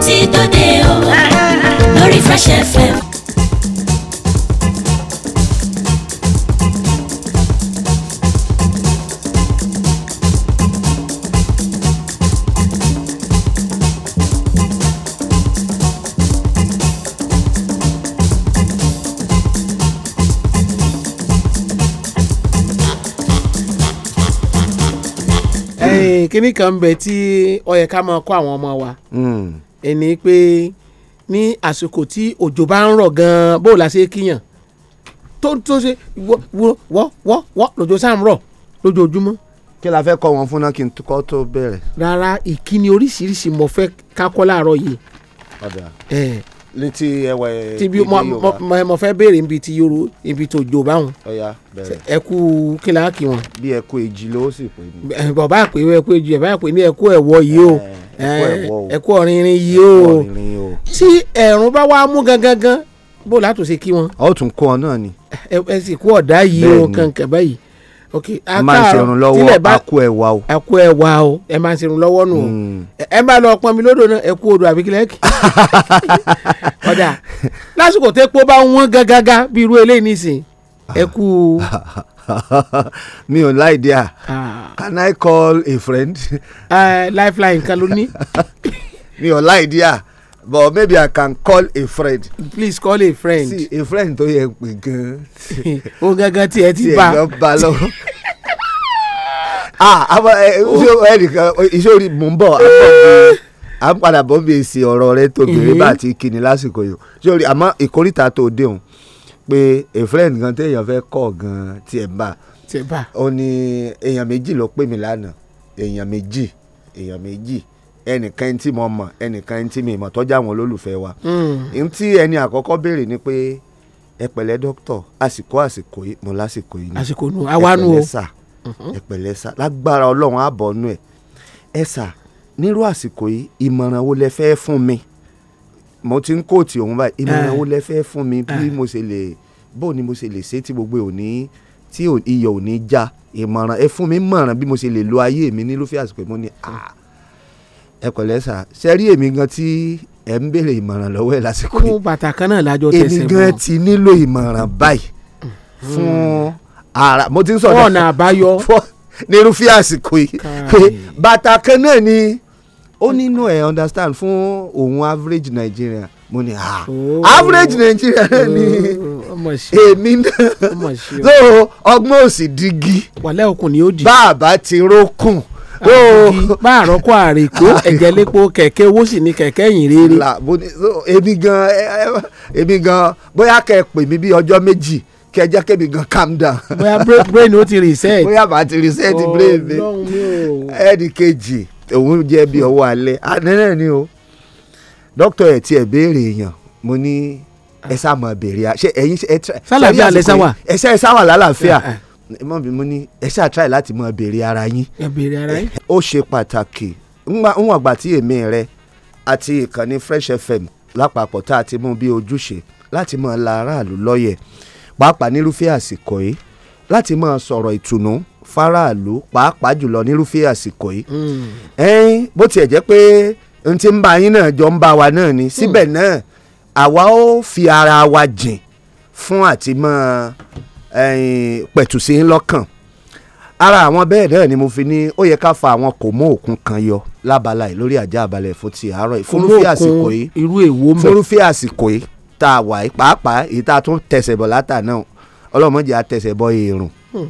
ti dòde o lórí Fresh FM. kínní kan ń bẹ tí ó yẹ ká máa kọ́ àwọn ọmọ wa hmm ẹni pé ní àsìkò tí òjò bá ń rọ̀ gan-an bó la ṣe kíyàn tó tó ṣe wọ́ wọ́ wọ́ wọ́ lójó sáà ń rọ̀ lójoojúmọ́. kí la fẹ́ kọ́ wọn fún náà kí n kọ́ tó bẹ̀rẹ̀. rárá ìkíni oríṣiríṣi mo fẹ́ ká láàárọ̀ yìí. ọ̀dà létí ẹwà ẹ eh, ti bí mo fẹ́ béèrè níbi ti yoro níbi tó jò báwọn ẹkú kíláàkì wọn. bí ẹkú èjì ló sì pè mí. Eh, bàbá àpè ẹkú èjì ẹ̀ bá pè ní ẹkú ẹ̀wọ̀ yìí o eh, ẹkú ọ̀rìnrìn yìí o tí ẹ̀rùn bá wá mú gangan bó látòsí kí wọn. ọ̀ tún kọ́ ọ náà ni. ẹ sì kú ọ̀dà yìí o kankan báyìí ok a máa ṣe ìrànlọ́wọ́ a kú wá o. a kú wá o ẹ máa ṣe ìrànlọ́wọ́ nù. Hmm. ẹ bá lọ pọnmi lódò náà ẹ odò àbí kílẹ̀kì. [laughs] ọ̀dà lásìkò tó epo bá wọ́n gágágá bí irú eléyìí nìsín ẹ [laughs] mi ò láì díà can I call a friend. Uh, lifeline kan ló ní. [laughs] mi ò láì díà but maybe i can call a friend. please call a friend. see a friend tó yẹ pé gan. [laughs] o gangan tiẹ̀ ti bá. tiẹ̀ lọ bá lọ. ah àmọ́ ẹnìkan ìṣòro mò ń bọ̀ à ń padà bọ́ bí èsì ọ̀rọ̀ rẹ tóbìnrin mhm. bá ti kíni lásìkò yìí sórí àmọ́ ìkórìtà tó dé òun pé a friend gan téèyàn fẹ́ kọ́ gan tiẹ̀ bá tiẹ̀ bá ó ní èèyàn méjì ló pè mí lánàá èèyàn méjì èèyàn méjì ẹnìkan ẹni tí mo mọ̀ ẹnìkan ẹni tí mi mọ̀ tọ́jú àwọn olólùfẹ́ wa. Hmm. n tí ẹni àkọ́kọ́ béèrè ni pé ẹ pẹ̀lẹ́ dókítọ̀ àsìkò àsìkò yìí mo lásìkò yìí ni àsìkò nu awánu o mhm. ẹ pẹ̀lẹ́ sà ẹ pẹ̀lẹ́ sà lágbára Ọlọ́run àbọ̀ nù ẹ ẹ sà nírú àsìkò yìí ìmọ̀ràn wo lẹ fẹ́ fún mi mo ti ń kóòtì òun báyìí ìmọ̀ràn eh. wo lẹ fẹ́ fún mi bí eh. mo ṣe lè bó ni mo ṣe lè ṣe tí gbogbo òní tí iyọ̀ òní já ìmọ̀ràn ẹ fún mi mọ̀ràn bí mo ṣe lè lo ayé mi nílùfẹ́ àsìkò yìí mo ní ah ẹ kọ̀lẹ́ sà ṣe rí èmi gan tí ẹ ń béèrè ìmọ̀ràn lọ́wọ́ ẹ lásìkò yìí. fún bàtà náà lájọ tẹsẹ̀ mọ́. èmi gan ti nílò ìmọ̀ràn báyìí fún ara mo ti ń sọ̀rọ̀ fọ́ọ̀nà àbáyọ [laughs] nírúfẹ́ àsìkò yìí bàtà náà ni ó nínú ẹ̀ understand fún òun average Nigerian mo ní ah oh. average Nigerian ni oh, èmi náà so ọgbọ́n òsì dígí bá a bá ti rókùn tó bá àrọ́kọ àrèkó ẹ̀jẹ̀ lépo kẹ̀kẹ́ owó sì ni kẹ̀kẹ́ yìn rere. èmi gan èmi gan bóyá kẹ́ ẹ pè mí bí ọjọ́ méjì kẹ jẹ́ kẹ́mi gan calm down. bóyá brain o ti reset. bóyá màá ti reset brain mi ẹnì kejì òun jẹ́ bí ọwọ́ alẹ́ ànẹ́rẹ́ ni o dókítà ẹ̀ tiẹ̀ béèrè èèyàn mo ní ẹ sá mọ̀ béèrè ṣé ẹ̀yin ẹ. sálàbí alẹ́ sáwà. ẹ sẹ́ ẹ sáwà lálàáfíà eh, eh mọ̀ bí mo ní ẹ ṣáà try láti mọ béèrè ara yín. ẹ béèrè ara yín. ó ṣe pàtàkì níwọ̀n ìgbà tí èmi rẹ àti ìkànnì Fresh FM lápapọ̀ tá a ti mú bí ojúṣe láti mọ la aráàlú lọ́yẹ̀ pàápàá nírúfẹ́ àsìkò yìí láti mọ sọ̀rọ̀ ìtùnú faraàlú pàápàá jùlọ nírúfẹ́ àsìkò yìí. Mm. ẹ̀yin bó tiẹ̀ jẹ́ pé n ti ń ba yín náà jọ ń ba wa náà ni síbẹ̀ mm. náà àwa ó fi ara wa jìn fún àti mọ́ pẹ̀tù sí ń lọ́kàn ara àwọn bẹ́ẹ̀ náà ni mo fi ní ó yẹ ká fa àwọn kò mọ òkun kan yọ lábala yìí lórí àjà àbálẹ̀ fún ti àárọ̀ yìí fúrúfé àsìkò yìí irú èwo mẹ́ fúrúfé àsìkò yìí tá a wà yìí pàápàá èyí tá a tún tẹ̀sẹ̀ bọ̀ látà náà ọlọ́mọdé a tẹ̀sẹ̀ bọ̀ èèrùn. Hmm.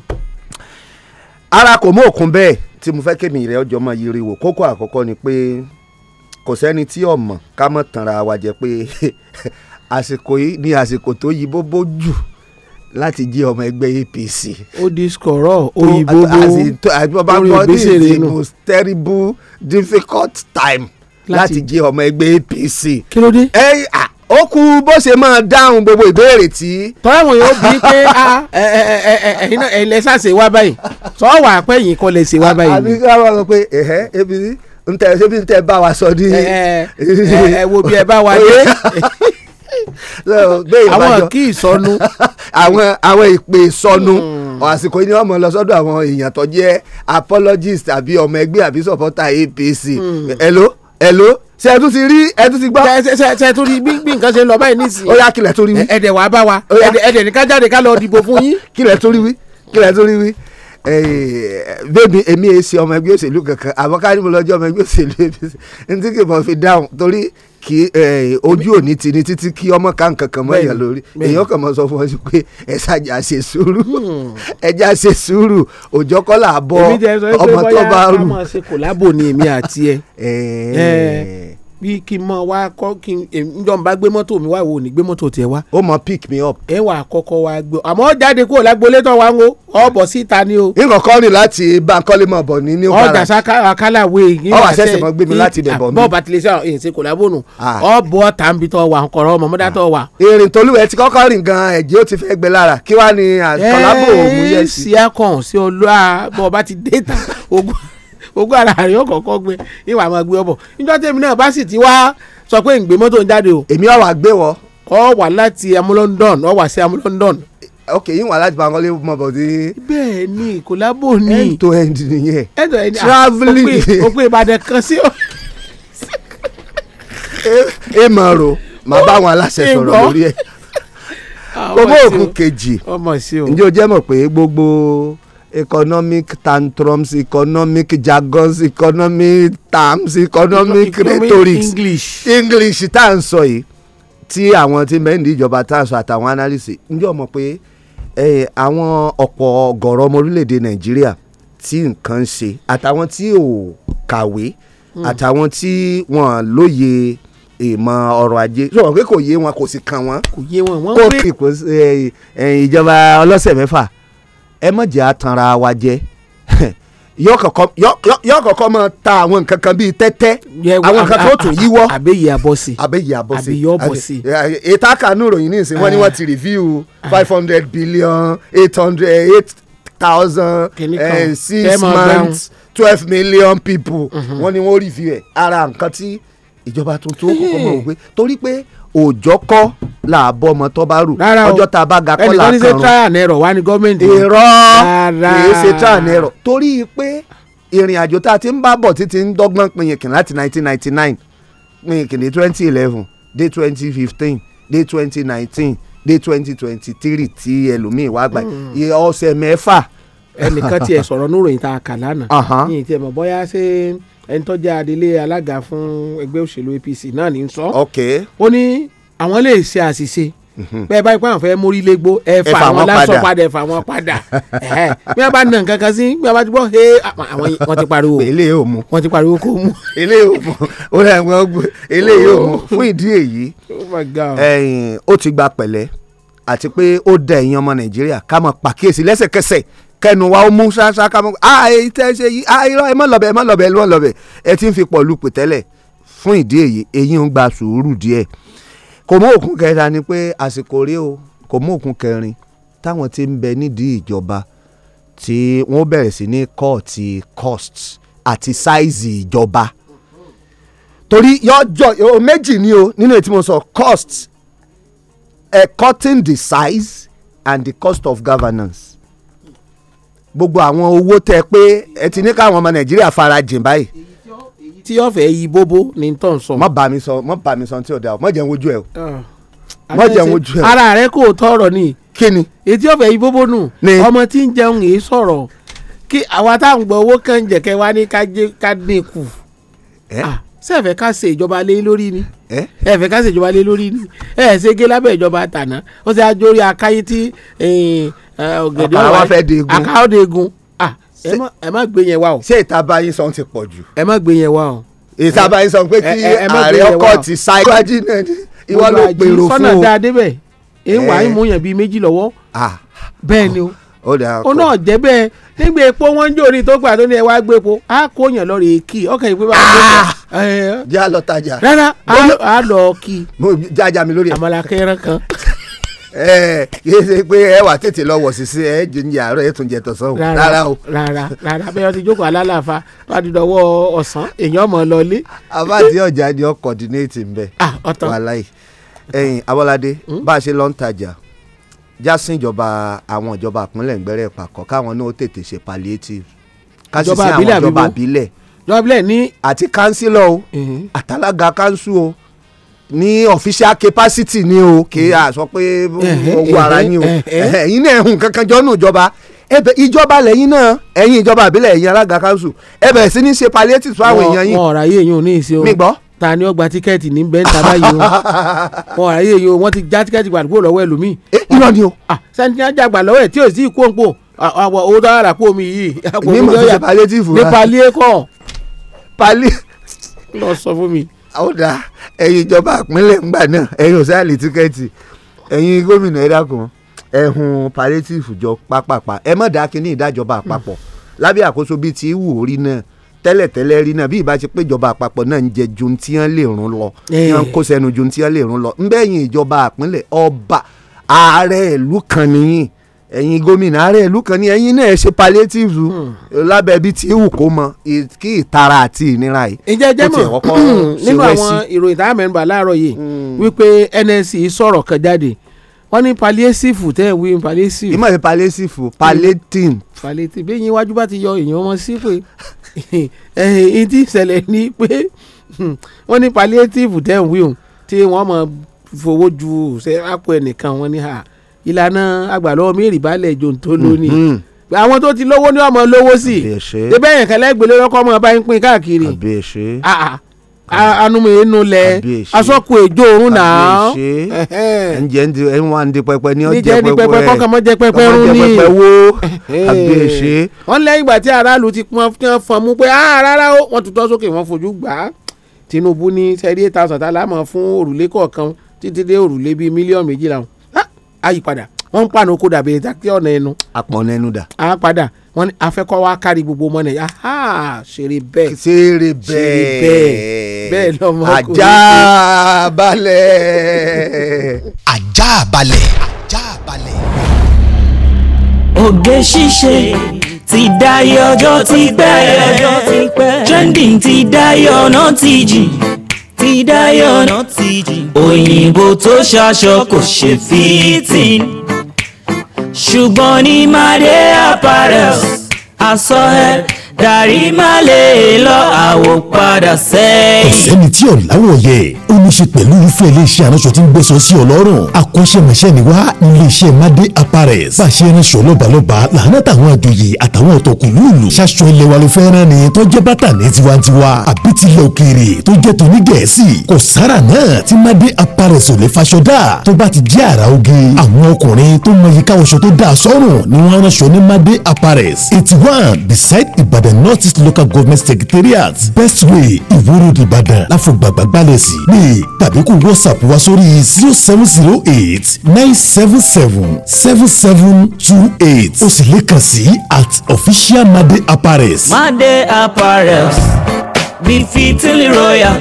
ara kò mọ òkun bẹ́ẹ̀ tí mo fẹ́ kémi rẹ̀ ọjọ́ mọ yiri wò kókó àkọ́kọ́ ni pé kò sẹ́ni tí ọ̀mọ̀ ká mọ̀ tanra wa jẹ́ pé [laughs] àsìkò yìí ni àsìkò tó yí bó bó jù láti jẹ́ ọmọ ẹgbẹ́ APC. ó di skọ̀rọ̀ òyìnbó bó orí ògbésẹ̀ rẹ̀ nù. most terrible difficult time láti jẹ́ ọmọ ẹgbẹ́ APC. kí ló dé. ẹ à ó kú bó ṣe máa dáhùn gbogbo ìbéèrè tí. tọ́láwọn yóò bí pé ah, ah, eh, eh, eh, ẹ̀yin náà ẹ̀yin lẹ́sà ṣe wá báyìí tọ́ wà pé ẹ̀yin kọ́ lẹ ṣe wá báyìí. àbí ká wà lọ pé ẹ̀hẹ́ ebi ntẹ̀ ṣé bí ntẹ̀ bá wa sọ ní. ẹ [laughs] ẹ wo bí ẹ bá wa [laughs] dé. [laughs] àwọn kí ìsọnù. [laughs] àwọn àwọn ìpè ìsọnù hmm. àsìkò yìí ni wọ́n mọ̀ lọ sọ́dọ̀ àwọn èèyàn tó jẹ́ apologist àbí ọmọ ẹgbẹ́ àbí supporter APC hmm. hello hello ṣe ẹ tún ti rí ẹ tún ti gbọ́. ṣe ẹ tún rí bí nǹkan ṣe ń lọ báyìí nísìnyí. ó yá kílẹ̀ tó rí wí. ẹ̀dẹ̀ wàá bá wa ẹ̀dẹ̀ ní ká jáde ká lọ dìbò fún yín. kílẹ̀ tó rí wí kílẹ̀ tó rí wí bẹ́ẹ̀ni èmi èsì e ọmọ ẹgbẹ́ òṣèlú kankan àbọ̀ká ni mo lọ jẹ́ ọmọ ẹgbẹ́ òṣèlú apc n tí kì í mọ̀ fi dáhùn torí kí ojú òní ti ni títí kí ọmọ ká nǹkan kan mọ èèyàn lórí èèyàn kan mọ sọ fún ọ sí pé ẹ ṣàjà ṣe sùúrù hmm. ẹjà ṣe sùúrù òjò kọlà bọ ọmọ tó bá rù. èmi jẹ́ sọ pé bóyá a máa ṣe kòlábò ni èmi àti ẹ bí kí n mọ wá kọ́ kí n jọ n bá gbé mọ́tò mi wá ìwọ ò gbé mọ́tò tiẹ̀ wá. ó mọ pick me up. ẹ wà kọ́kọ́ wá gbé àmọ́ jáde kúrò lágbolé tán wá ń wo ọ̀bọ̀ síta ni o. nǹkan kọ́ ni láti Bankole mọ̀ bọ̀ ní new garage. ọjà sakala wé. ọwọ́ àṣẹṣẹ mọ gbé mi láti bẹ̀ bọ̀ mi. bọ́ọ̀ bàtìlẹ̀ sọ èyí ṣe kò lábònú. ọ̀bọ̀ tàbí tọ́ wà nkọ̀rọ̀ mọ̀mọ́dá tọ́ wà. ìrìn tolúwẹ̀ ti kọ́kọ́ rìn gan ẹ̀jẹ̀ ó ti fẹ́ gbẹ lára kí wàá ní àkọlábò òmùyẹsì. ẹ ẹ ṣíà kàn sí ọlọ́à bọ́ọ̀ bá ti dé ta [laughs] ogun ogún ara rẹ̀ yóò kọ́kọ́ gbé ìwà máa gbé ọbọ̀ níjọ́ tèmi náà bá sì ti wá sọ pé ǹgbé mọ́tò ń jáde o. èmi ọ̀ wá gbé wọ. ọ wà láti amúlọ́ndọ̀n ọ wà sí amúlọ́ndọ̀n. ok yín wà láti bangọ́lé mọ̀ bọ̀ bẹ́ẹ̀ ni kòlábò ni. end to end nìyẹn. end to end ah, travelling. o pe ìbàdàn kan sí o. e mọ̀ ro màá bá àwọn aláṣẹ sọ̀rọ̀ lórí ẹ̀ ah, gbogbo òkun kejì ǹjẹ́ o jẹ́ mọ̀ pé gbogbo economic tantrums economic jargons economic terms economic rhetorics english english tá à ń sọ yìí tí àwọn tí mẹ́rin ìjọba tá à ń sọ àtàwọn analyst ǹjẹ́ o mọ̀ pé àwọn ọ̀pọ̀ ọ̀gọ̀rọ̀ ọmọ orílẹ̀-èdè nàìjíríà tí nǹkan ń ṣe àtàwọn tí ò kàwé hmm. àtàwọn tí wọ́n lóye ìmọ̀ ọrọ̀ ajé sọ̀rọ̀ pé kò yé wọn kò sì kàn wọ́n kò yé wọn wọ́n wé ìjọba ọlọ́sẹ̀ mẹ́fà ẹ má jẹ́ àtànra wa jẹ [laughs] yọ kọ̀kọ́ mọ ta àwọn nǹkan kan bíi tẹ́tẹ́ àwọn nǹkan tó tún yíwọ́ àbẹ̀yẹ àbọ̀sì àbẹ̀yẹ àbọ̀sì àbẹ̀yẹ ọ̀bọ̀sì. ètò àkànú ìròyìn ní ìsìn wọn ni wọ́n ti review ah. five hundred billion eight hundred eight thousand eh, six months twelve million people mhm. wọ́n ni wọ́n rìvíù ẹ̀ ara nǹkan tí ìjọba tuntun kọ́kọ́ mọ̀ wípé torí pé òòjọ́ kọ́ là á bọ́ ọmọ tó bá rù ọjọ́ tá a bá ga kọ́ là á kàn rù ẹnìkan ní ṣe trial and error wá ní gọ́ọ̀mẹ̀ntì. irọ́ kìí ṣe trial and error torí pé ìrìn àjò tá a ti ń bá bọ̀ títí ń dọ́gbọ́n pinyìnkìn láti nineteen ninety pinyìnkìn dé twenty dé twenty dé twenty dé twenty tí ẹlòmíì wá gbà hmm. ọ̀sẹ̀ mẹ́fà. ẹnìkan tiẹ̀ sọ̀rọ̀ níròyìn tá a kà lánàá Se ẹni adelé alága fún ẹgbẹ́ òṣèlú APC náà ní sọ. ok ó ní àwọn lè ṣe àṣìṣe mhm. bẹ́ẹ̀ báyìí pé àwọn fẹ́ mórí légbó ẹ fà wọn lásán padà ẹ fà wọn padà [laughs] bí wọ́n bá nà nǹkan sí bí wọ́n bá ti gbọ́ he àwọn wọn ti pariwo [laughs] eléyìí ò mú wọn ti pariwo kó mú. [laughs] eléyìí ò mú ó rẹ̀ wọ́n gbé eléyìí ò mú fún ìdí èyí oh ó ti gba pẹ̀lẹ́ àti pé ó da ẹ̀yin ọmọ Nàìjíríà ká mọ̀ pàkíyèsí lẹ́sẹ̀kẹsẹ̀ kẹnu wa ó mú ṣáṣá ká mọ àì tẹ ṣe yí àìrọ ẹ mọ lọbẹ ẹ mọ lọbẹ ẹ mọ lọbẹ ẹ ti ń fi pọ̀lú pè tẹ́lẹ̀ fún ìdí èyí eyín ń gba sùúrù díẹ̀ kò mú òkun kẹta ni pé àsìkò rí o kò mú òkun kẹrin táwọn ti ń bẹ nídìí ìjọba tí wọ́n bẹ̀rẹ̀ sí ní kọ́ọ̀tì cost àti sáìzì ìjọba torí yọjọ méjì ni o nínú ètí mo sọ cost a cutting the size and the cost of governance gbogbo àwọn owó tẹ pé ẹ ti ní káwọn ọmọ nàìjíríà farajìn báyìí. tí yóò fẹ́ bóbó ni tó ń sọ. má bá mi sọ má bá mi sọ tí ò dáa má jẹun ojú ẹ o ah. má jẹun ojú ẹ o. ara rẹ kò tọrọ ni. kí ni. ètí ọ̀fẹ́ yí bóbó nù. ni ọmọ tí ń jẹun yìí sọ̀rọ̀ kí àwa táwọn gbọ́ owó kan jẹ̀kẹ́ wá ní ká dín kù. ẹ sẹ́ẹ̀fẹ́ ká ṣe ìjọba lé lórí ni ẹ̀fẹ́ ká ṣe ìjọba lé lórí ni ẹ̀ ṣe gé lábẹ́ ìjọba tàná ó ṣe àjọrí akáyé tí eh, eh, ọ̀gẹ̀dẹ̀ ọ̀wá akáwọ́ de gun ẹ má gbé yẹn wá o. ṣé ìta báyìí sọ ti pọ̀ jù. ẹ má gbé yẹn wá o. ìta báyìí sọ pé kí ààrẹ ọkọ ti sa iwájú náà ìwọ ló gbèrò fún o. sọ́nà dáadé bẹ́ẹ̀ èèwà ìmúyàn bíi méjì lọ́wọ́ ah. bẹ́ẹ̀ ni o. ó dà kó. náà nígbà epo wọ́n ń tó gbà tó ní ẹ wá gbé epo á kó yàn lọ rè kí ọkàn yìí pé bá gbé. Ah! tajà. rárá á lọ kí. mo mi lórí kan. [laughs] ẹ ṣe wà tètè lọ wọ̀ sí ẹ àárọ̀ ẹ tún jẹ tọ̀sán o. rárá o rárá rárá bẹ́ẹ̀ jókòó alálàáfà wà á di ọ̀sán èèyàn mọ̀ ọjà ni ọ jásìn ìjọba àwọn ìjọba ìpínlẹ̀ ńgbẹ́rẹ́ pàkọ́ káwọn náà tètè ṣe palliative kásì sí àwọn ìjọba àbílẹ̀ ìjọba àbílẹ̀ ní. àti kánsílọ̀ o àtàlágà kánsù o ní official capacity ni o kì í sọ pé owó ara yín o ẹ̀yin náà ẹ̀hún kankan jọ́nù ìjọba ẹ̀bẹ̀ ìjọba lẹ́yìn náà ẹ̀yin ìjọba àbílẹ̀ ẹ̀yin alága kánsù ẹ̀bẹ̀ sí ní ṣe palliative fún àwọn èèyàn yín. wọn ọ̀rọ̀ ayé yín mi gbọ́ ta ni ó gba tíkẹ́ẹ̀tì ní bẹ́ńtà báyìí o [laughs] wọn àyè yìí o wọ́n ti já tíkẹ́ẹ̀tì gbà kúrò lọ́wọ́ ẹlòmíì. Eh, irọ́ ni o. Ah, sẹ́ni á jàgbà lọ́wọ́ ẹ̀ tí ò sí ikú òǹpò àwọn ah, ah, owó tó rà kó mi yìí. ní mo ti ṣe palliative rà ní pallié kọ́. pallié. lọ sọ fún mi. ó dáa ẹ̀yin ìjọba ìpínlẹ̀ ńgbà náà ẹ̀yin ò sáà lè tíkẹ́ẹ̀tì ẹ̀yin gómìnà ẹ dákun ẹ̀hún palliative jọ pápápá ẹ mọ̀ dákin ní ìdájọba àpapọ̀ hmm. lábẹ́ àkóso bíi ti wù orí náà tẹ́lẹ̀tẹ́lẹ̀ rí náà bí ìbá ṣe pé ìjọba àpapọ̀ náà ń jẹ ju ti hàn lè rún lọ ti hàn eh. kó sẹ́nu ju ti hàn lè rún lọ nbẹ́yìn ìjọba àpínlẹ̀ ọba ààrẹ ìlú kan nìyí ẹ̀yin gómìnà ààrẹ ìlú kan ní ẹ̀yin náà ṣe palliative hmm. lábẹ́ bíi ti wù kó mọ kí ìtara àti ìnira yìí. ǹjẹ́ jẹ́ mọ̀ hmm. nínú àwọn ìròyìn tá a mẹ́nu láàárọ̀ yìí hmm. wípé NSC sọ̀rọ̀ kan jáde wọ́n ní palliative tẹ́ ẹ̀ wí palliative. ìmọ̀ ìfẹ́ palliative palliative. palliative bí eyín iwájú bá ti yọ èèyàn wọn sí pé ẹ̀yìn tí ìṣẹ̀lẹ̀ ni pé wọ́n ní palliative tẹ́ ẹ̀ wí o tí wọ́n mọ̀ fowó ju àpò ẹnìkan wọn ní ha ìlànà àgbàlọ́wọ́ mẹ́rin balẹ̀ ìjọ tó lónìí mm-hmm. àwọn tó ti lówó ní ọmọ lówó sí i débẹ̀ yẹn kẹlẹ́ gbélé lọ́kọ́ ọmọ bá ń pín káàkiri. àbẹ̀ṣe. Ah, ah anumeyenulẹ asọkun ejo orun na. ǹjẹ́ ẹ ń wá ní pẹpẹ ní ọjọ́ pẹpẹ ní jẹ́ pẹpẹ kọ́kàn mọ́ jẹ́ pẹpẹ rún ní. kọ́kàn jẹ́ pẹpẹ wo àbíyèsé. wọ́n lẹ́yìn ìgbà tí aráàlú ti pọn fọn mú pé ah, rárá o wọ́n ti tọ́ sókè wọ́n fojú gbà á Tinubu ní sẹ́rí eight thousand tá a lámọ̀ fún òrùlé kọ̀ọ̀kan títí dé òrùlé bíi mílíọ̀nù méjìlá àyípadà wọ́n ń pàánù kó dàbí ẹja ọ̀nà ẹnu. àpọ̀nà ẹnu dà. a padà wọ́n afẹ́kọ́ wa kárí gbogbo ọmọ nàìjíríà aha ṣeré bẹ́ẹ̀. ṣeré bẹ́ẹ̀ bẹ́ẹ̀ lọ́mọ kò ní. ajá balẹ̀. ajá balẹ̀. ajá balẹ̀. oge ṣíṣe ti dayé ọjọ́ ti pẹ́ trending ti dayé ọ̀nà ti jìn ti dayé ọ̀nà ti jìn òyìnbó tó ṣaṣọ kò ṣe fitting ṣùgbọ́n ní Made Apparels aṣọ ẹ̀ darí má lè lọ àwò padà sẹ́yìn. ọ̀sẹ́ni tí ò yẹ ṣe pẹ̀lú irúfẹ́ iléeṣẹ́ aránṣọ tí ń gbẹ̀sọ̀ sí ọlọ́run akọ́ṣẹ́mọṣẹ́ ni wá iléeṣẹ́ madé apparels bá a ṣe ránṣọ lọ́balọ́ba làánà táwọn àjòyè àtàwọn ọ̀tọ̀kùnlúùlù ṣaṣọ ilẹ̀ wa ló fẹ́ rán ni tó jẹ́ bàtà ní tiwantiwa àbí tilẹ̀ òkèèrè tó jẹ́ tóní gẹ̀ẹ́sì kò sára náà tí madé apparels ò lè faṣọ dá tó bá ti jẹ́ àrà oge àwọn ọkùnrin tó mọyì káwọṣọ tó dáa sọ́rùn ni wọ́n ránṣọ ní madé apparels eighty one beside ibadan north east local government secretariat best way ìwúrò ìbàdàn láfọ̀gbàgbà gbalẹ̀ sí ní tàbí kó whatsapp wá sórí zero seven zero eight nine seven seven seven seven two eight o sì lè kàn sí at official made apparels. made apparels bí fitili royal.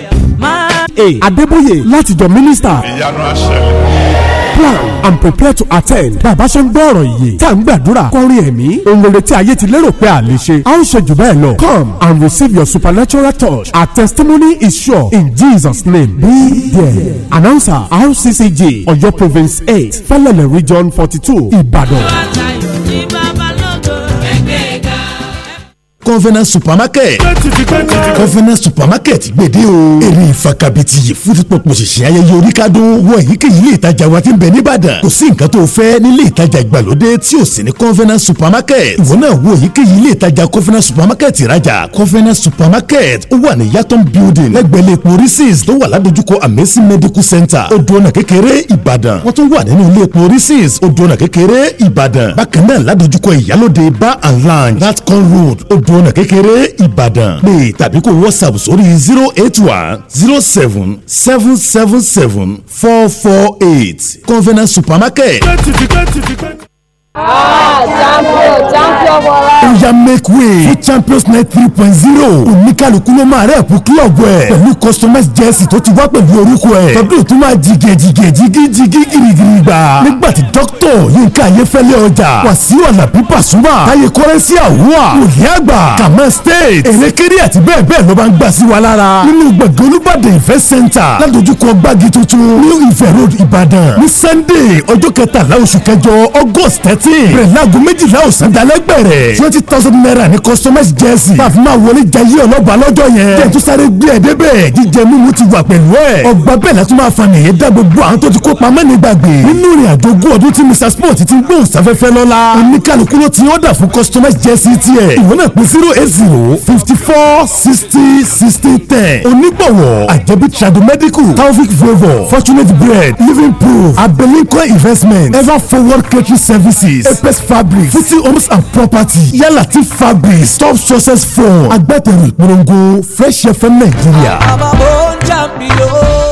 Adébóyè látijọ́ mínísítà. ìyanu àṣẹ plan and prepare to attend. bàbá ṣe ń gbọ́ ọ̀rọ̀ yìí tá à ń gbàdúrà kọrin ẹ̀mí ohun rere tí ayé ti lérò pé à lè ṣe a ó ṣe jù bẹ́ẹ̀ lọ come and receive your supernatural touch our testimony is sure in Jesus name be there announcer RCCG Ọ̀yọ́ province eight Fẹ́lẹ́lẹ̀ region forty two Ibadan. convenience supermarket convenience supermarket gbèdé o èrè ìfakabiti yìí fún ti pọpọ ṣẹṣẹ ayẹyẹ oríkádùn wọ èyíkéyìí ilé ìtajà wa ti ń bẹ nìbàdàn kò sí nǹkan tó fẹ́ nílé ìtajà ìgbàlódé tí ò sí ní convenience supermarket ìwọ náà wọ èyíkéyìí ilé ìtajà convenience supermarket ìrajà convenience supermarket ó wà ní yàtọ̀ building lẹ́gbẹ̀lẹ́ epo reeses tó wà ládojúkọ amesi medical center odò ọ̀nà kékeré ìbàdàn wọ́n tún wà nínú ilé epo reeses odò ọ̀nà kékeré ìbàdàn bákan náà ládojúkọ ìyálòde bar and lounge latcon road odò gbogbo ọ̀nà kékeré ìbàdàn pé tàbí kò whatsapp sórí zero eight one zero seven seven seven seven four four eight convenience supermarket. Ah, champion, champion bọ́lá. ó make way fún champions night three point zero oníkàlùkù ló máa rẹ̀ fún kílọ̀bù ẹ̀ pẹ̀lú customers jersey tó ti wá pẹ̀lú orúkọ ẹ̀ tọdún tó máa jìgẹ̀ jìgẹ̀ jìgẹ̀ jìgẹ̀ girigiri gbà nígbà tí dókítọ̀ yínká ayéfẹ́lẹ́ ọjà wàsíù alábí pàṣúmà táyé kọ́rẹ́sì àwùwà òní àgbà kàmá state èrèkéré àti bẹ́ẹ̀ bẹ́ẹ̀ ló máa ń gbà sí wa lára nínú gbọ̀ngàn olúbàdàn ìfẹ́ center ládojúkọ gbági sunday ọjọ́ kẹtàlá oṣù kẹjọ august thirteen bẹ̀rẹ̀ láago méjìlá ọ̀sán dalẹ́ gbẹ̀rẹ̀ twenty thousand naira ní customers jersey bá a fi máa wọlé jayé ọlọ́ba lọ́jọ́ yẹn jẹ́ tó sáré gbé ẹ̀ débẹ̀ jíjẹ mímu ti wà pẹ̀lú ẹ̀ ọgbà bẹ́ẹ̀ la tún máa fa nìyẹn dá gbogbo àwọn tó ti kó pamọ́ ní gbàgbé nínú ìrìn àjò ogún ọdún tí mr sport ti gbóhùn sáfẹ́fẹ́ lọ́la oníkàlùkù ló ti ọ̀dà fún customers jersey tiẹ̀ ìwọ náà pín zero eight zero fifty four sixty sixty ten onígbọ̀wọ̀ àjẹbí tradu medical taofik favour fortunate bread living proof abelinko investment ever forward catering services fabrics apes fabrics futi homes and property yálà ti fabrics top success phone agbátẹrù ìpolongo fresh fm nàìjíríà. àbábọ̀ ń jà mí o.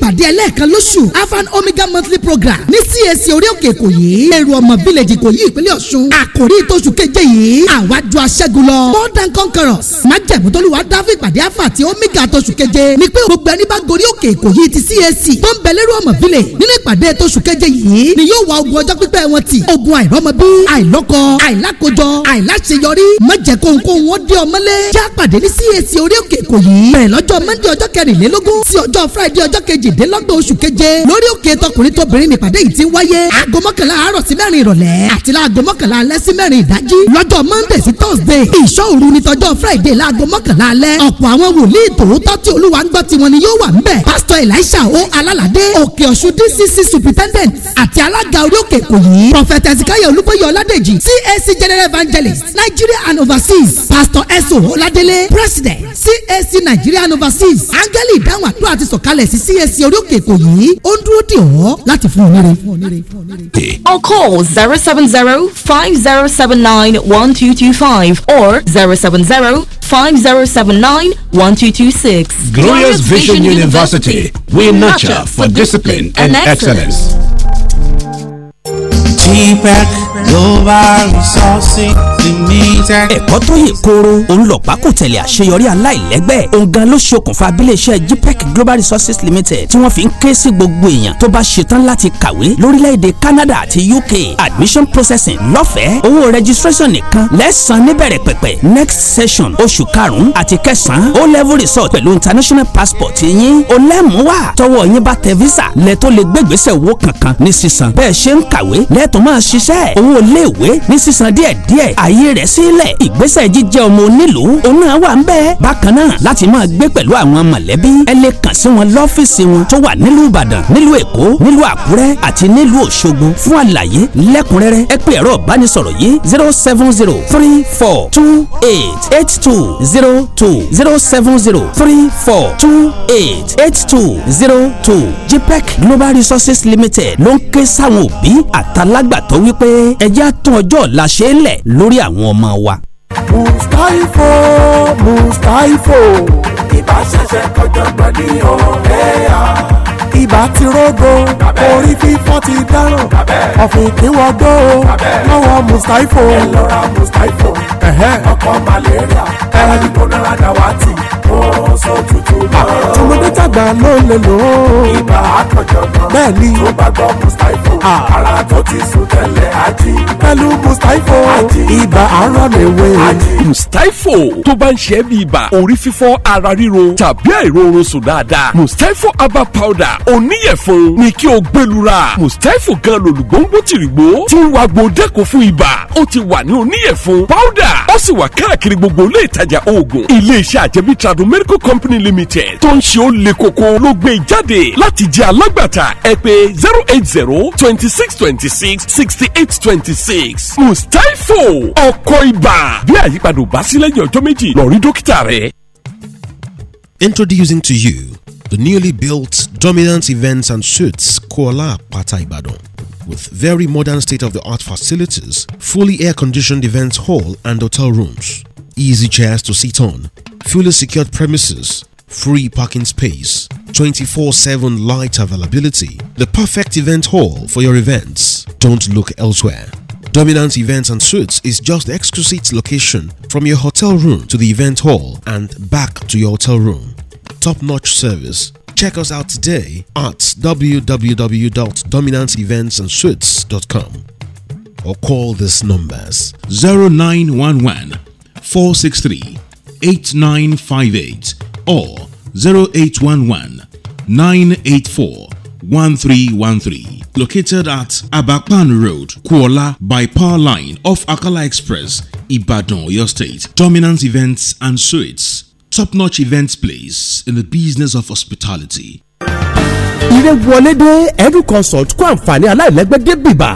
ìpàdé ẹlẹ́ẹ̀kan lóṣù afan omega monthly program ní CAC orí òkè ìkòyí èrò ọmọ village ìkòyí ìpínlẹ̀ ọ̀ṣun àkòrí tóṣù keje yìí àwájú aṣẹ́gun lọ more than conquerors májẹ̀mú tóluwà dáfẹ́ ìpàdé afa àti omega tóṣù keje ni pé gbogbo ẹni bá gorí òkè ìkòyí ti CAC tó ń bẹ lérò ọmọ village nínú ìpàdé tóṣù keje yìí ni yóò wá ogun ọjọ́ pípẹ́ wọn ti ogun àìrọ́mọbí àìlọ́kọ àìlákojọ àìláṣeyọrí mọ̀jẹ̀ kónkóhun kejìdínlọ́gbọ̀n oṣù keje lórí òkè tọkùnrin tóbìnrin nípàdé yìí ti wáyé aago mọ́kànlá àárọ̀ sí mẹ́rin ìrọ̀lẹ́ àti láago mọ́kànlá alẹ́ sí mẹ́rin ìdájí lọ́jọ́ monday sí thursday ìṣọ́ òru ní tọjọ́ friday láago mọ́kànlá alẹ́ ọ̀pọ̀ àwọn wòlíì tòótọ́ tí olúwa ń gbọ́ tiwọn ni yóò wà ńbẹ̀ pásítọ̀ elisha o alálàdé òkè ọ̀ṣun dcc superintendent àti alága orí òkè èkó yìí prophet ezekiel olúkóyè ọládèjì cac general evangelist nigeria and overseas pastor eso ọládélé president cac nigeria and overseas angeli ìdáhùn àdúrà ti sọ̀kalẹ̀ sí cac sí orí òkè èkó yìí ó ń dúró dè ọ́ láti fún ọ níre. or call zero seven zero five zero seven nine one two two five or zero seven zero five zero seven nine one two two six. Glorious Vision University, we nurture for discipline and excellence. G-Pack ẹ̀kọ́ tó yè kooro òun lọ̀pá kò tẹ̀lé àṣeyọrí aláìlẹ́gbẹ́ òun gan ló ṣokùnfà abiléeṣẹ́ gpec global resources limited tí wọ́n fi ń ké sí gbogbo èèyàn tó bá ṣetán láti kàwé lórílẹ̀‐èdè Canada àti UK admission processing lọ́fẹ̀ẹ́ owó registration nìkan lẹ́sàn-án níbẹ̀rẹ̀ pẹ̀pẹ̀ next session oṣù karùn-ún àti kẹsàn-án o level result pẹ̀lú international passport yín o lẹ́mùúwà tọwọ́ yín bá tẹ visa lẹ́tọ́ lè gbégbèsè owó kankan ní sísan bẹ́ẹ̀ ṣe ń owó iléèwé ní sísan díẹ̀díẹ̀ ààyè rẹ̀ sílẹ̀ ìgbésẹ̀ jíjẹ́ ọmọ onílùú òun náà wà ń bẹ́ẹ̀ bákan náà láti máa gbé pẹ̀lú àwọn mọ̀lẹ́bí ẹ lè kàn sí wọn lọ́fíìsì wọn tó wà nílùú Ìbàdàn nílùú Èkó nílùú Àkúrẹ́ àti nílùú Òṣogbo fún àlàyé lẹ́kùnrẹ́rẹ́ ẹ pè ẹ̀rọ ìbánisọ̀rọ̀ yìí zero seven zero three four two eight eight two zero two zero seven zero three four two eight eight two zero two JPEC Global Resources Limited ló ń ké sáwọn òbí àtàlágbàtọ́ wípé ẹjẹ́ àtún ọjọ́ ọ̀la ṣe é lẹ̀ lórí àwọn ọmọ wa. Mustaifo Mustaifo ibà ṣẹ̀ṣẹ̀ kọjọgbọ́n ní ọ̀rẹ́ à ibà ti rógo orí fífọ́ ti dáràn ọ̀fìn ìkínwọ́gbó lọ́wọ́ Mustaifo. ẹ lọ Mustaifo ọkọ̀ malaria ẹ̀rọ ìgbónára dàwátì lò ó sójú tó lọ. tọmọdé tàgbà ló lè lò ó. ibà àkànjọ̀gbọ́n bẹ́ẹ̀ tó bá gbọ́ mustapho ara tó ti sùn tẹ́lẹ̀ ají. pẹ̀lú mustapho ibà ara lè wé. mustapho tó bá ń ṣe é bí ibà orí fífọ́ ara ríro tàbí àìróorun sùn dáadáa mustapho herbal powder oníyẹ̀fun ni kí o gbẹlura mustapho gan lòlùgbòǹgbò tìrìgbò tí ń wa gbòdẹ́kọ̀ fún ibà ó ti wà ní oníyẹ̀fun powder ó sì wà káàkiri gbogbo ilé ìtajà oògùn ilé iṣẹ́ àjẹmí tradom medical company limited tó ń ṣe ó le koko ló gbé jáde láti jẹ́ alágbàtà ẹ pè zero eight zero twenty six twenty six sixty eight twenty six mustapho ọkọ̀ ibà bí àyípadà ò bá sí lẹ́yìn ọjọ́ méjì lọ rí dókítà rẹ. Introducing to you the newly built Dominant Events and Suites kola Pata Ibadan with very modern state-of-the-art facilities, fully air-conditioned event hall and hotel rooms, easy chairs to sit on, fully secured premises, free parking space, 24-7 light availability, the perfect event hall for your events. Don't look elsewhere. Dominant Events and Suites is just the exquisite location from your hotel room to the event hall and back to your hotel room. Top-notch service. Check us out today at www.dominanceeventsandsuits.com or call these numbers 0911 463 8958 or 0811 984 1313. Located at Abakpan Road, Kuala by Power Line off Akala Express, Ibadan, Oyo State. Dominance Events and Suites. Top notch events place in the business of hospitality. ilé wọlé consult kó àǹfààní aláìlẹ́gbẹ́ dé bìbà